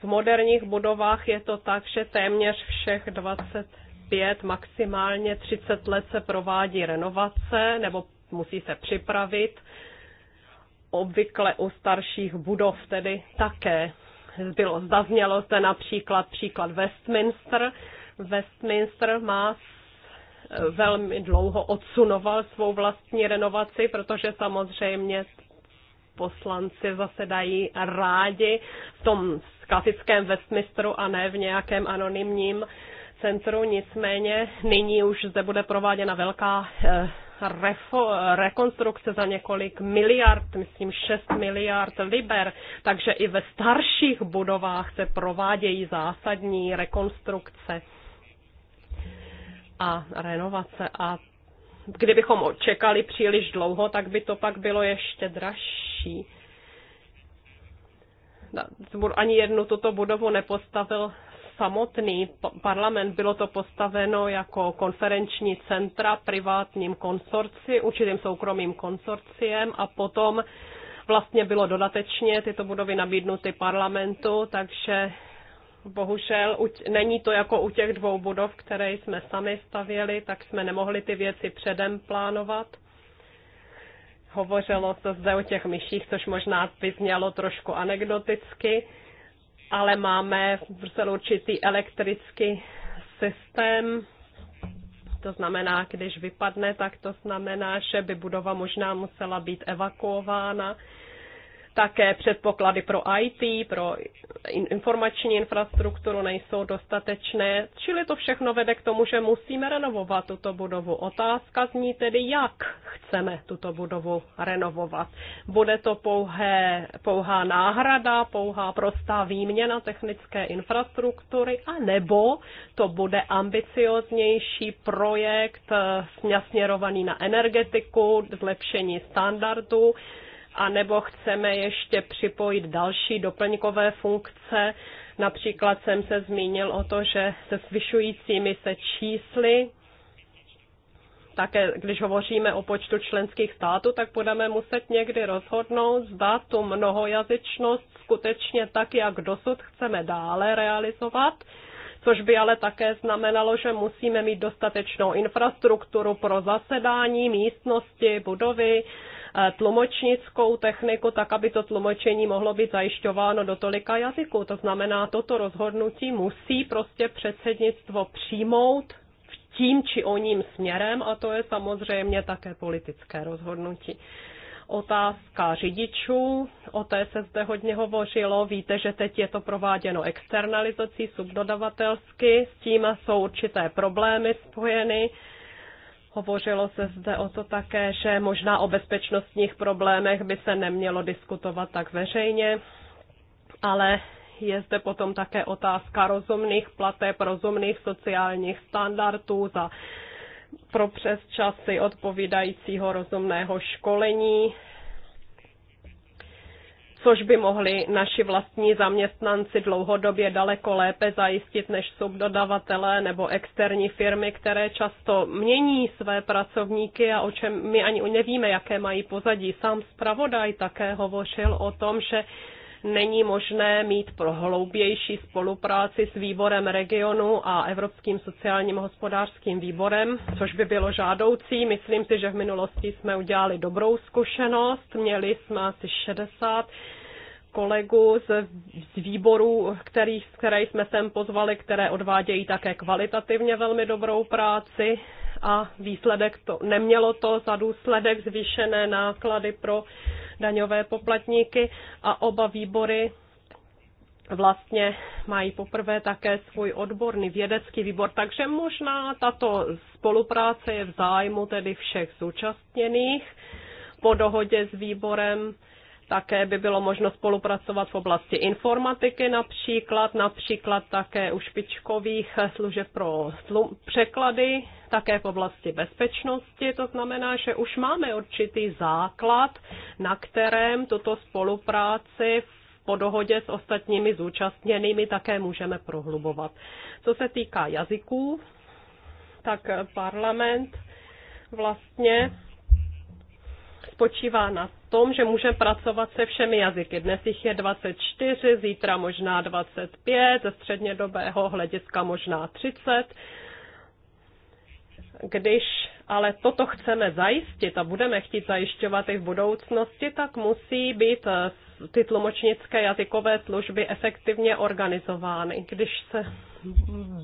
V moderních budovách je to tak, že téměř všech 25, maximálně 30 let se provádí renovace nebo musí se připravit. Obvykle u starších budov tedy také bylo, zaznělo zde například příklad Westminster. Westminster má e, velmi dlouho odsunoval svou vlastní renovaci, protože samozřejmě poslanci zasedají rádi v tom klasickém Westminsteru a ne v nějakém anonymním centru. Nicméně nyní už zde bude prováděna velká eh, refo, rekonstrukce za několik miliard, myslím 6 miliard liber, takže i ve starších budovách se provádějí zásadní rekonstrukce a renovace a kdybychom čekali příliš dlouho, tak by to pak bylo ještě dražší. Ani jednu tuto budovu nepostavil samotný parlament, bylo to postaveno jako konferenční centra privátním konsorci, určitým soukromým konsorciem a potom vlastně bylo dodatečně tyto budovy nabídnuty parlamentu, takže bohužel není to jako u těch dvou budov, které jsme sami stavěli, tak jsme nemohli ty věci předem plánovat. Hovořilo se zde o těch myších, což možná by znělo trošku anekdoticky, ale máme v Bruselu určitý elektrický systém, to znamená, když vypadne, tak to znamená, že by budova možná musela být evakuována také předpoklady pro IT, pro informační infrastrukturu nejsou dostatečné, čili to všechno vede k tomu, že musíme renovovat tuto budovu. Otázka zní tedy, jak chceme tuto budovu renovovat. Bude to pouhé, pouhá náhrada, pouhá prostá výměna technické infrastruktury, a nebo to bude ambicioznější projekt nasměrovaný eh, na energetiku, zlepšení standardů, a nebo chceme ještě připojit další doplňkové funkce. Například jsem se zmínil o to, že se zvyšujícími se čísly také když hovoříme o počtu členských států, tak budeme muset někdy rozhodnout, zda tu mnohojazyčnost skutečně tak, jak dosud chceme dále realizovat, což by ale také znamenalo, že musíme mít dostatečnou infrastrukturu pro zasedání, místnosti, budovy, Eh, tlumočnickou techniku, tak aby to tlumočení mohlo být zajišťováno do tolika jazyků. To znamená, toto rozhodnutí musí prostě předsednictvo přijmout v tím či ním směrem a to je samozřejmě také politické rozhodnutí otázka řidičů, o té se zde hodně hovořilo. Víte, že teď je to prováděno externalizací subdodavatelsky, s tím jsou určité problémy spojeny. Hovořilo se zde o to také, že možná o bezpečnostních problémech by se nemělo diskutovat tak veřejně, ale je zde potom také otázka rozumných plateb, rozumných sociálních standardů za pro přes časy odpovídajícího rozumného školení, což by mohli naši vlastní zaměstnanci dlouhodobě daleko lépe zajistit než subdodavatelé nebo externí firmy, které často mění své pracovníky a o čem my ani nevíme, jaké mají pozadí. Sám zpravodaj také hovořil o tom, že není možné mít prohloubější spolupráci s výborem regionu a Evropským sociálním hospodářským výborem, což by bylo žádoucí. Myslím si, že v minulosti jsme udělali dobrou zkušenost, měli jsme asi 60 kolegů z, z výborů, který, které jsme sem pozvali, které odvádějí také kvalitativně velmi dobrou práci a výsledek to, nemělo to za důsledek zvýšené náklady pro daňové poplatníky a oba výbory vlastně mají poprvé také svůj odborný vědecký výbor, takže možná tato spolupráce je v zájmu tedy všech zúčastněných po dohodě s výborem také by bylo možno spolupracovat v oblasti informatiky například, například také u špičkových služeb pro slu- překlady, také v oblasti bezpečnosti. To znamená, že už máme určitý základ, na kterém tuto spolupráci po dohodě s ostatními zúčastněnými také můžeme prohlubovat. Co se týká jazyků, tak parlament vlastně spočívá na tom, že můžeme pracovat se všemi jazyky. Dnes jich je 24, zítra možná 25, ze střednědobého hlediska možná 30. Když ale toto chceme zajistit a budeme chtít zajišťovat i v budoucnosti, tak musí být ty tlumočnické jazykové služby efektivně organizovány. Když se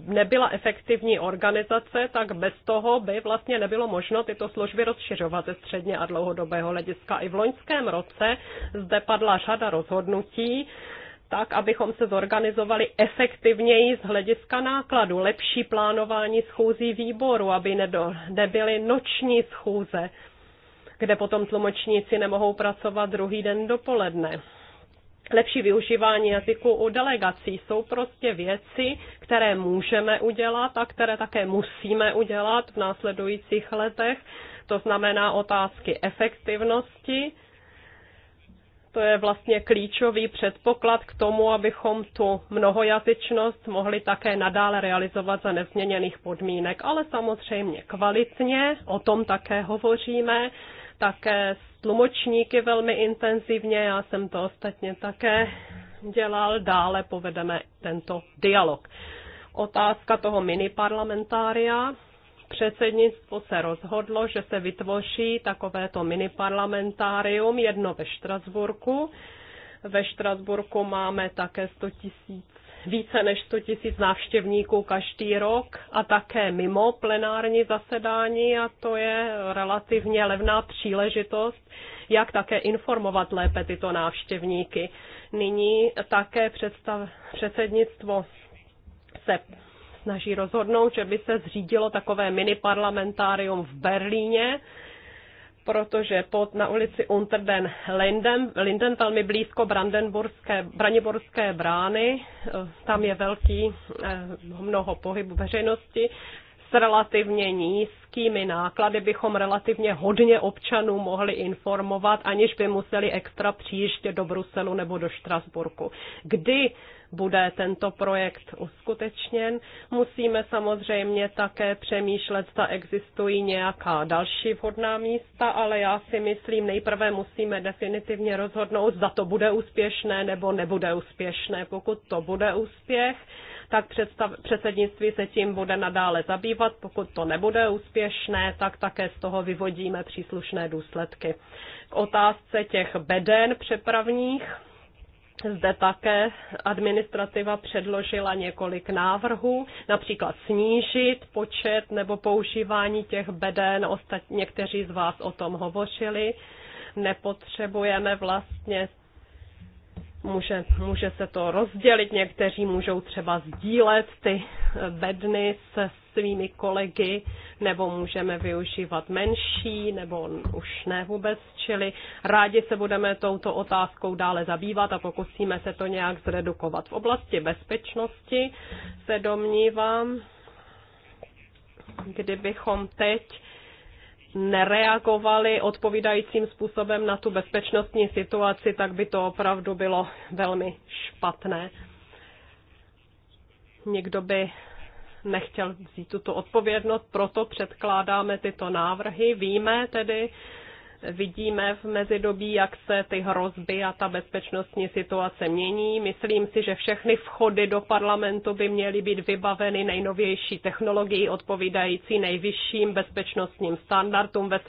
nebyla efektivní organizace, tak bez toho by vlastně nebylo možno tyto služby rozšiřovat ze středně a dlouhodobého hlediska. I v loňském roce zde padla řada rozhodnutí, tak, abychom se zorganizovali efektivněji z hlediska nákladu, lepší plánování schůzí výboru, aby nedo, nebyly noční schůze, kde potom tlumočníci nemohou pracovat druhý den dopoledne lepší využívání jazyku u delegací. Jsou prostě věci, které můžeme udělat a které také musíme udělat v následujících letech. To znamená otázky efektivnosti. To je vlastně klíčový předpoklad k tomu, abychom tu mnohojazyčnost mohli také nadále realizovat za nezměněných podmínek, ale samozřejmě kvalitně, o tom také hovoříme také s tlumočníky velmi intenzivně, já jsem to ostatně také dělal, dále povedeme tento dialog. Otázka toho parlamentária. Předsednictvo se rozhodlo, že se vytvoří takovéto parlamentárium, jedno ve Štrasburku. Ve Štrasburku máme také 100 tisíc více než 100 tisíc návštěvníků každý rok a také mimo plenární zasedání a to je relativně levná příležitost, jak také informovat lépe tyto návštěvníky. Nyní také představ, předsednictvo se snaží rozhodnout, že by se zřídilo takové mini parlamentárium v Berlíně, protože pod, na ulici Unter den Linden, Linden velmi blízko Brandenburské, Braniborské brány, eh, tam je velký eh, mnoho pohybu veřejnosti s relativně nízkým nízkými náklady bychom relativně hodně občanů mohli informovat, aniž by museli extra příště do Bruselu nebo do Štrasburku. Kdy bude tento projekt uskutečněn. Musíme samozřejmě také přemýšlet, zda existují nějaká další vhodná místa, ale já si myslím, nejprve musíme definitivně rozhodnout, zda to bude úspěšné nebo nebude úspěšné. Pokud to bude úspěch, tak představ, předsednictví se tím bude nadále zabývat. Pokud to nebude úspěch, úspěšné, tak také z toho vyvodíme příslušné důsledky. K otázce těch beden přepravních. Zde také administrativa předložila několik návrhů, například snížit počet nebo používání těch beden. Ostatní, někteří z vás o tom hovořili. Nepotřebujeme vlastně může, může se to rozdělit, někteří můžou třeba sdílet ty bedny se svými kolegy, nebo můžeme využívat menší, nebo už ne vůbec, čili rádi se budeme touto otázkou dále zabývat a pokusíme se to nějak zredukovat. V oblasti bezpečnosti se domnívám, kdybychom teď nereagovali odpovídajícím způsobem na tu bezpečnostní situaci, tak by to opravdu bylo velmi špatné. Někdo by nechtěl vzít tuto odpovědnost, proto předkládáme tyto návrhy. Víme tedy, vidíme v mezidobí, jak se ty hrozby a ta bezpečnostní situace mění. Myslím si, že všechny vchody do parlamentu by měly být vybaveny nejnovější technologií odpovídající nejvyšším bezpečnostním standardům ve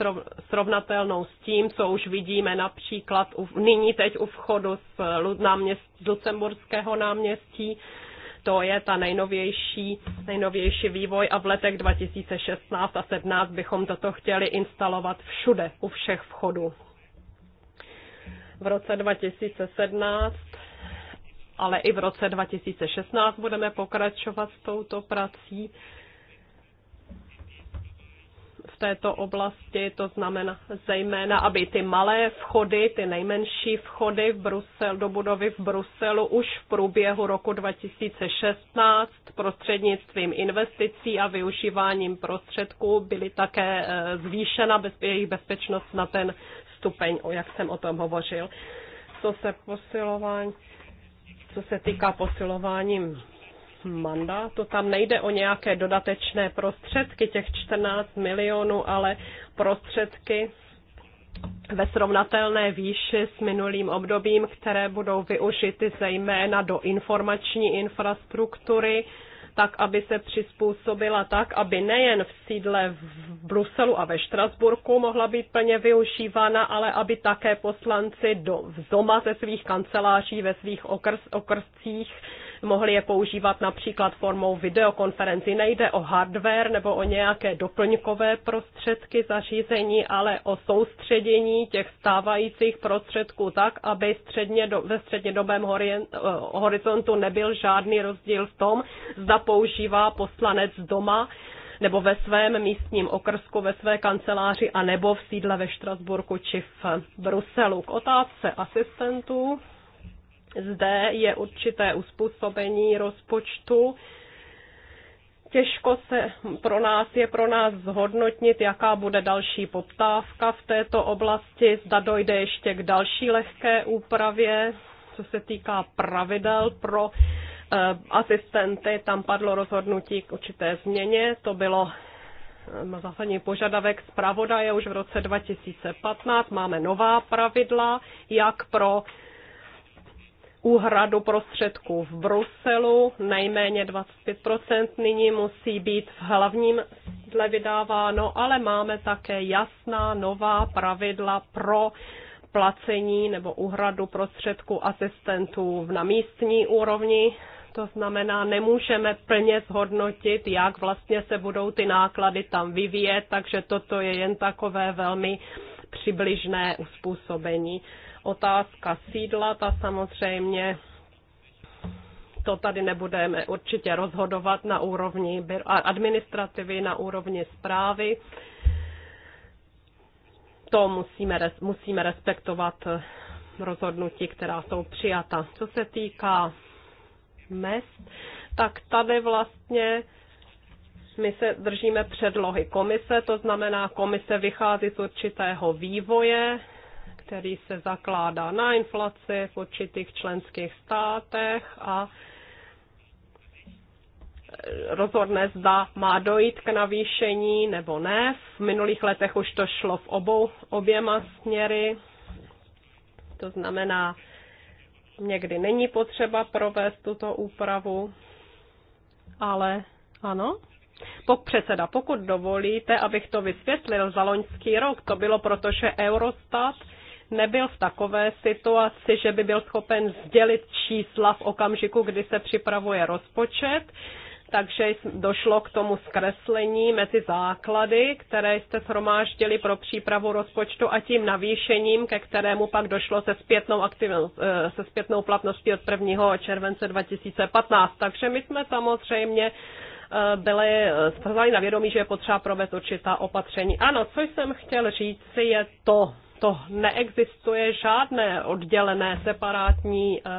srovnatelnou s tím, co už vidíme například u, nyní teď u vchodu z, náměst, z Lucemburského náměstí to je ta nejnovější, nejnovější vývoj a v letech 2016 a 17 bychom toto chtěli instalovat všude, u všech vchodů. V roce 2017 ale i v roce 2016 budeme pokračovat s touto prací v této oblasti, to znamená zejména, aby ty malé vchody, ty nejmenší vchody v Brusel, do budovy v Bruselu už v průběhu roku 2016 prostřednictvím investicí a využíváním prostředků byly také eh, zvýšena jejich bezpečnost na ten stupeň, o jak jsem o tom hovořil. Co se posilování, co se týká posilováním mandátu. Tam nejde o nějaké dodatečné prostředky, těch 14 milionů, ale prostředky ve srovnatelné výši s minulým obdobím, které budou využity zejména do informační infrastruktury, tak, aby se přizpůsobila tak, aby nejen v sídle v Bruselu a ve Štrasburku mohla být plně využívána, ale aby také poslanci do, v zoma ze svých kanceláří ve svých okrs, okrscích mohli je používat například formou videokonferenci. Nejde o hardware nebo o nějaké doplňkové prostředky zařízení, ale o soustředění těch stávajících prostředků tak, aby středně do, ve střednědobém eh, horizontu nebyl žádný rozdíl v tom, zda používá poslanec doma nebo ve svém místním okrsku, ve své kanceláři, a nebo v sídle ve Štrasburku či v Bruselu. K otázce asistentů zde je určité uspůsobení rozpočtu. Těžko se pro nás je pro nás zhodnotit, jaká bude další poptávka v této oblasti, zda dojde ještě k další lehké úpravě, co se týká pravidel pro eh, asistenty, tam padlo rozhodnutí k určité změně, to bylo eh, zásadní požadavek zpravodaje už v roce 2015, máme nová pravidla, jak pro úhradu prostředků v Bruselu, nejméně 25% nyní musí být v hlavním dle vydáváno, ale máme také jasná nová pravidla pro placení nebo úhradu prostředků asistentů na místní úrovni. To znamená, nemůžeme plně zhodnotit, jak vlastně se budou ty náklady tam vyvíjet, takže toto je jen takové velmi přibližné uspůsobení. Otázka sídla, ta samozřejmě to tady nebudeme určitě rozhodovat na úrovni administrativy, na úrovni zprávy. To musíme, musíme respektovat rozhodnutí, která jsou přijata. Co se týká mest, tak tady vlastně my se držíme předlohy komise, to znamená, komise vychází z určitého vývoje, který se zakládá na inflaci v určitých členských státech a rozhodne, zda má dojít k navýšení nebo ne. V minulých letech už to šlo v obou oběma směry. To znamená, někdy není potřeba provést tuto úpravu, ale ano. Pok předseda, pokud dovolíte, abych to vysvětlil za loňský rok, to bylo proto, že Eurostat nebyl v takové situaci, že by byl schopen sdělit čísla v okamžiku, kdy se připravuje rozpočet, takže došlo k tomu zkreslení mezi základy, které jste shromáždili pro přípravu rozpočtu a tím navýšením, ke kterému pak došlo se zpětnou, aktiv- eh, se zpětnou platností od 1. července 2015. Takže my jsme samozřejmě eh, byli eh, vzali na vědomí, že je potřeba provést určitá opatření. Ano, co jsem chtěl říct, je to, to neexistuje žádné oddělené separátní eh,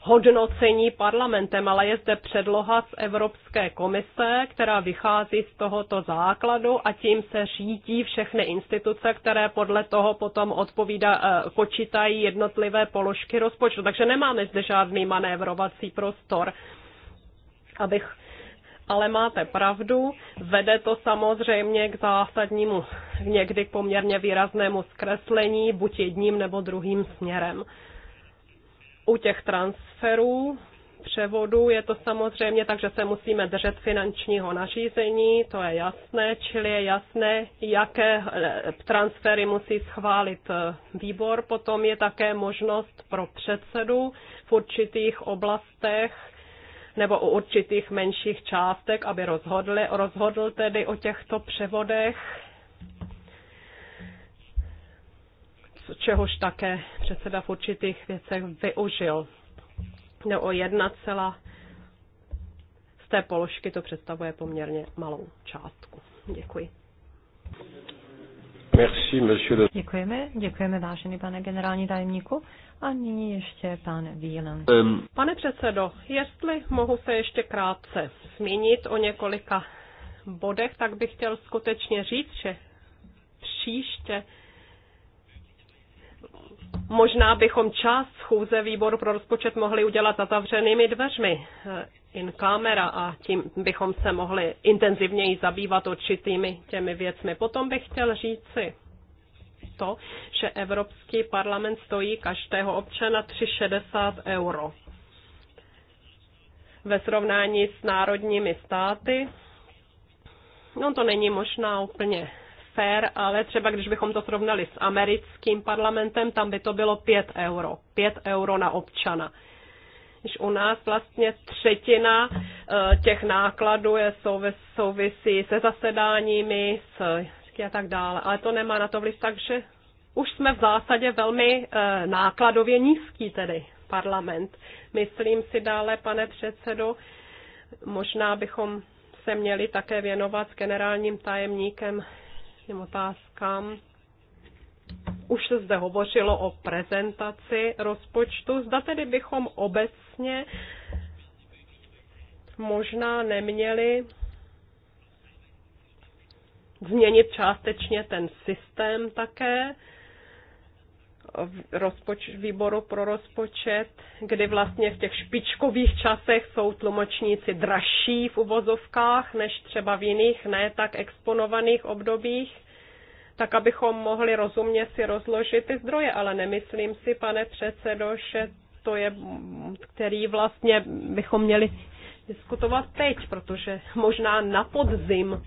hodnocení parlamentem, ale je zde předloha z Evropské komise, která vychází z tohoto základu a tím se řídí všechny instituce, které podle toho potom odpovídá, eh, počítají jednotlivé položky rozpočtu. Takže nemáme zde žádný manévrovací prostor, abych ale máte pravdu, vede to samozřejmě k zásadnímu, někdy k poměrně výraznému zkreslení, buď jedním nebo druhým směrem. U těch transferů převodu je to samozřejmě tak, že se musíme držet finančního nařízení, to je jasné, čili je jasné, jaké eh, transfery musí schválit eh, výbor. Potom je také možnost pro předsedu v určitých oblastech nebo u určitých menších částek, aby rozhodli, rozhodl tedy o těchto převodech, čehož také předseda v určitých věcech využil. Jde no, o 1, z té položky to představuje poměrně malou částku. Děkuji. Merci, monsieur le... Děkujeme, děkujeme vážený pane generální tajemníku. A nyní ještě pan Vílen. Um. Pane předsedo, jestli mohu se ještě krátce zmínit o několika bodech, tak bych chtěl skutečně říct, že příště možná bychom část schůze výboru pro rozpočet mohli udělat zatavřenými dveřmi in camera a tím bychom se mohli intenzivněji zabývat určitými těmi věcmi. Potom bych chtěl říci to, že Evropský parlament stojí každého občana 360 euro. Ve srovnání s národními státy, no to není možná úplně fair, ale třeba když bychom to srovnali s americkým parlamentem, tam by to bylo 5 euro. 5 euro na občana když u nás vlastně třetina eh, těch nákladů je souvis, souvisí se zasedáními s, a tak dále. Ale to nemá na to vliv, takže už jsme v zásadě velmi eh, nákladově nízký tedy parlament. Myslím si dále, pane předsedo, možná bychom se měli také věnovat s generálním tajemníkem těm otázkám už se zde hovořilo o prezentaci rozpočtu. Zda tedy bychom obecně možná neměli změnit částečně ten systém také v rozpoč, výboru pro rozpočet, kdy vlastně v těch špičkových časech jsou tlumočníci dražší v uvozovkách než třeba v jiných ne tak exponovaných obdobích tak abychom mohli rozumně si rozložit ty zdroje, ale nemyslím si, pane předsedo, že to je, který vlastně bychom měli diskutovat teď, protože možná na podzim,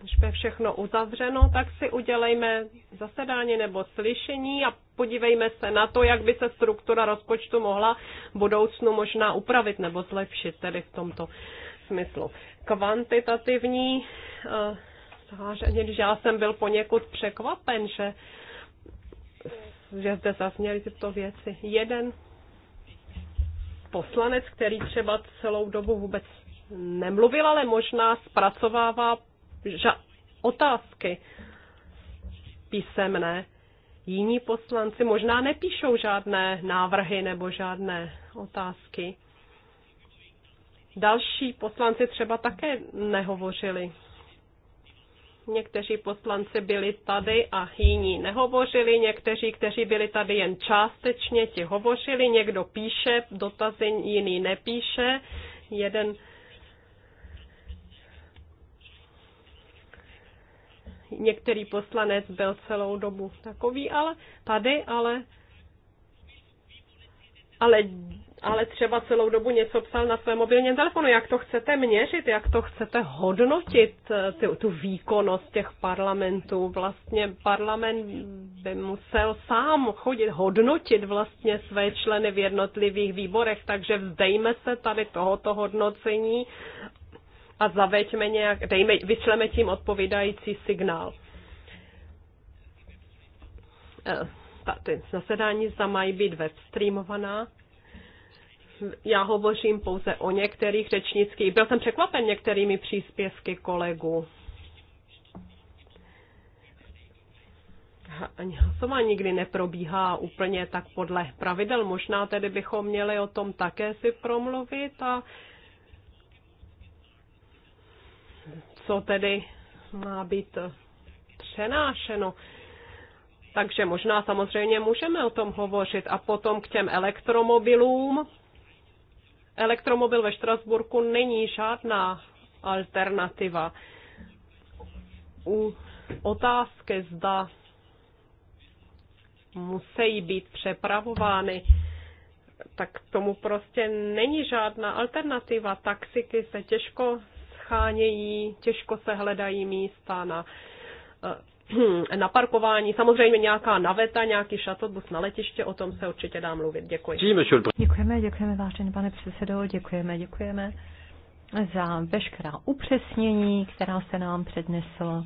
když bude všechno uzavřeno, tak si udělejme zasedání nebo slyšení a podívejme se na to, jak by se struktura rozpočtu mohla v budoucnu možná upravit nebo zlepšit tedy v tomto smyslu. Kvantitativní eh, převážení, když já jsem byl poněkud překvapen, že, že zde zazněly tyto věci. Jeden poslanec, který třeba celou dobu vůbec nemluvil, ale možná zpracovává ža- otázky písemné. Jiní poslanci možná nepíšou žádné návrhy nebo žádné otázky. Další poslanci třeba také nehovořili. Někteří poslanci byli tady a jiní nehovořili, někteří, kteří byli tady jen částečně, ti hovořili, někdo píše dotazy, jiný nepíše. Jeden některý poslanec byl celou dobu takový, ale tady, ale ale ale třeba celou dobu něco psal na svém mobilním telefonu. Jak to chcete měřit, jak to chcete hodnotit, eh, ty, tu výkonnost těch parlamentů? Vlastně parlament by musel sám chodit hodnotit vlastně své členy v jednotlivých výborech, takže vzdejme se tady tohoto hodnocení a zaveďme nějak, dejme, vyšleme tím odpovídající signál. Eh, ta, ty zasedání za mají být webstreamovaná, já hovořím pouze o některých řečnických. Byl jsem překvapen některými příspěvky kolegů. Ani hlasování nikdy neprobíhá úplně tak podle pravidel. Možná tedy bychom měli o tom také si promluvit a co tedy má být přenášeno. Takže možná samozřejmě můžeme o tom hovořit. A potom k těm elektromobilům elektromobil ve Štrasburku není žádná alternativa. U otázky, zda musí být přepravovány, tak tomu prostě není žádná alternativa. Taxiky se těžko schánějí, těžko se hledají místa na Hmm, na parkování, samozřejmě nějaká naveta, nějaký šatobus na letiště, o tom se určitě dá mluvit. Děkuji. Děkujeme, děkujeme, vážený pane předsedo, děkujeme, děkujeme za veškerá upřesnění, která se nám přednesla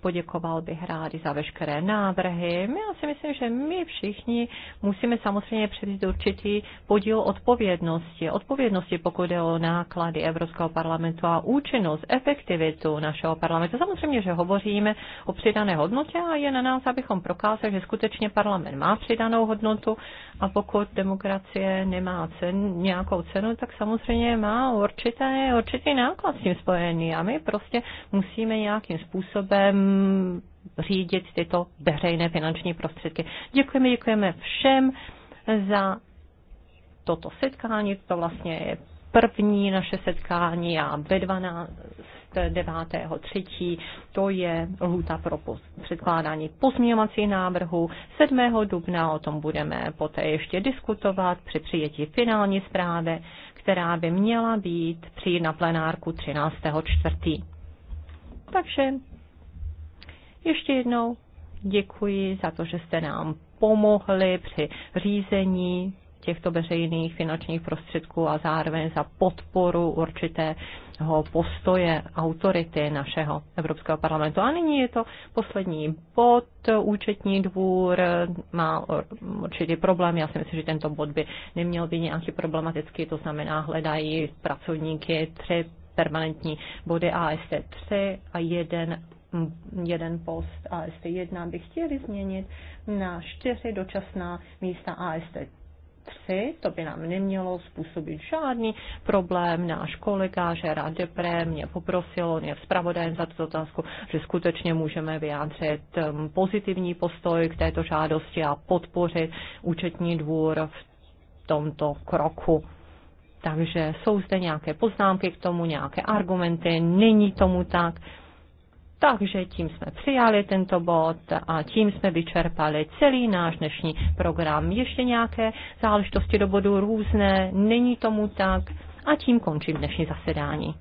poděkoval bych rádi za veškeré návrhy. Já si myslím, že my všichni musíme samozřejmě převzít určitý podíl odpovědnosti. Odpovědnosti, pokud jde o náklady Evropského parlamentu a účinnost, efektivitu našeho parlamentu. Samozřejmě, že hovoříme o přidané hodnotě a je na nás, abychom prokázali, že skutečně parlament má přidanou hodnotu a pokud demokracie nemá cen, nějakou cenu, tak samozřejmě má určité, určitý náklad s tím spojený a my prostě musíme nějakým způsobem řídit tyto veřejné finanční prostředky. Děkujeme, děkujeme všem za toto setkání. To vlastně je první naše setkání a ve 12. 3. To je lhůta pro předkládání pozměňovacích návrhů. 7. dubna o tom budeme poté ještě diskutovat při přijetí finální zprávy, která by měla být přijít na plenárku 13. 4. Takže ještě jednou děkuji za to, že jste nám pomohli při řízení těchto veřejných finančních prostředků a zároveň za podporu určitého postoje autority našeho Evropského parlamentu. A nyní je to poslední bod. Účetní dvůr má určitý problém. Já si myslím, že tento bod by neměl být nějaký problematický. To znamená, hledají pracovníky tři permanentní body AST 3 a jeden jeden post AST1 by chtěli změnit na čtyři dočasná místa AST 3, to by nám nemělo způsobit žádný problém. Náš kolega Žera Depré mě poprosil, on je zpravodajem za tuto otázku, že skutečně můžeme vyjádřit pozitivní postoj k této žádosti a podpořit účetní dvůr v tomto kroku. Takže jsou zde nějaké poznámky k tomu, nějaké argumenty, není tomu tak. Takže tím jsme přijali tento bod a tím jsme vyčerpali celý náš dnešní program. Ještě nějaké záležitosti do bodu různé, není tomu tak a tím končím dnešní zasedání.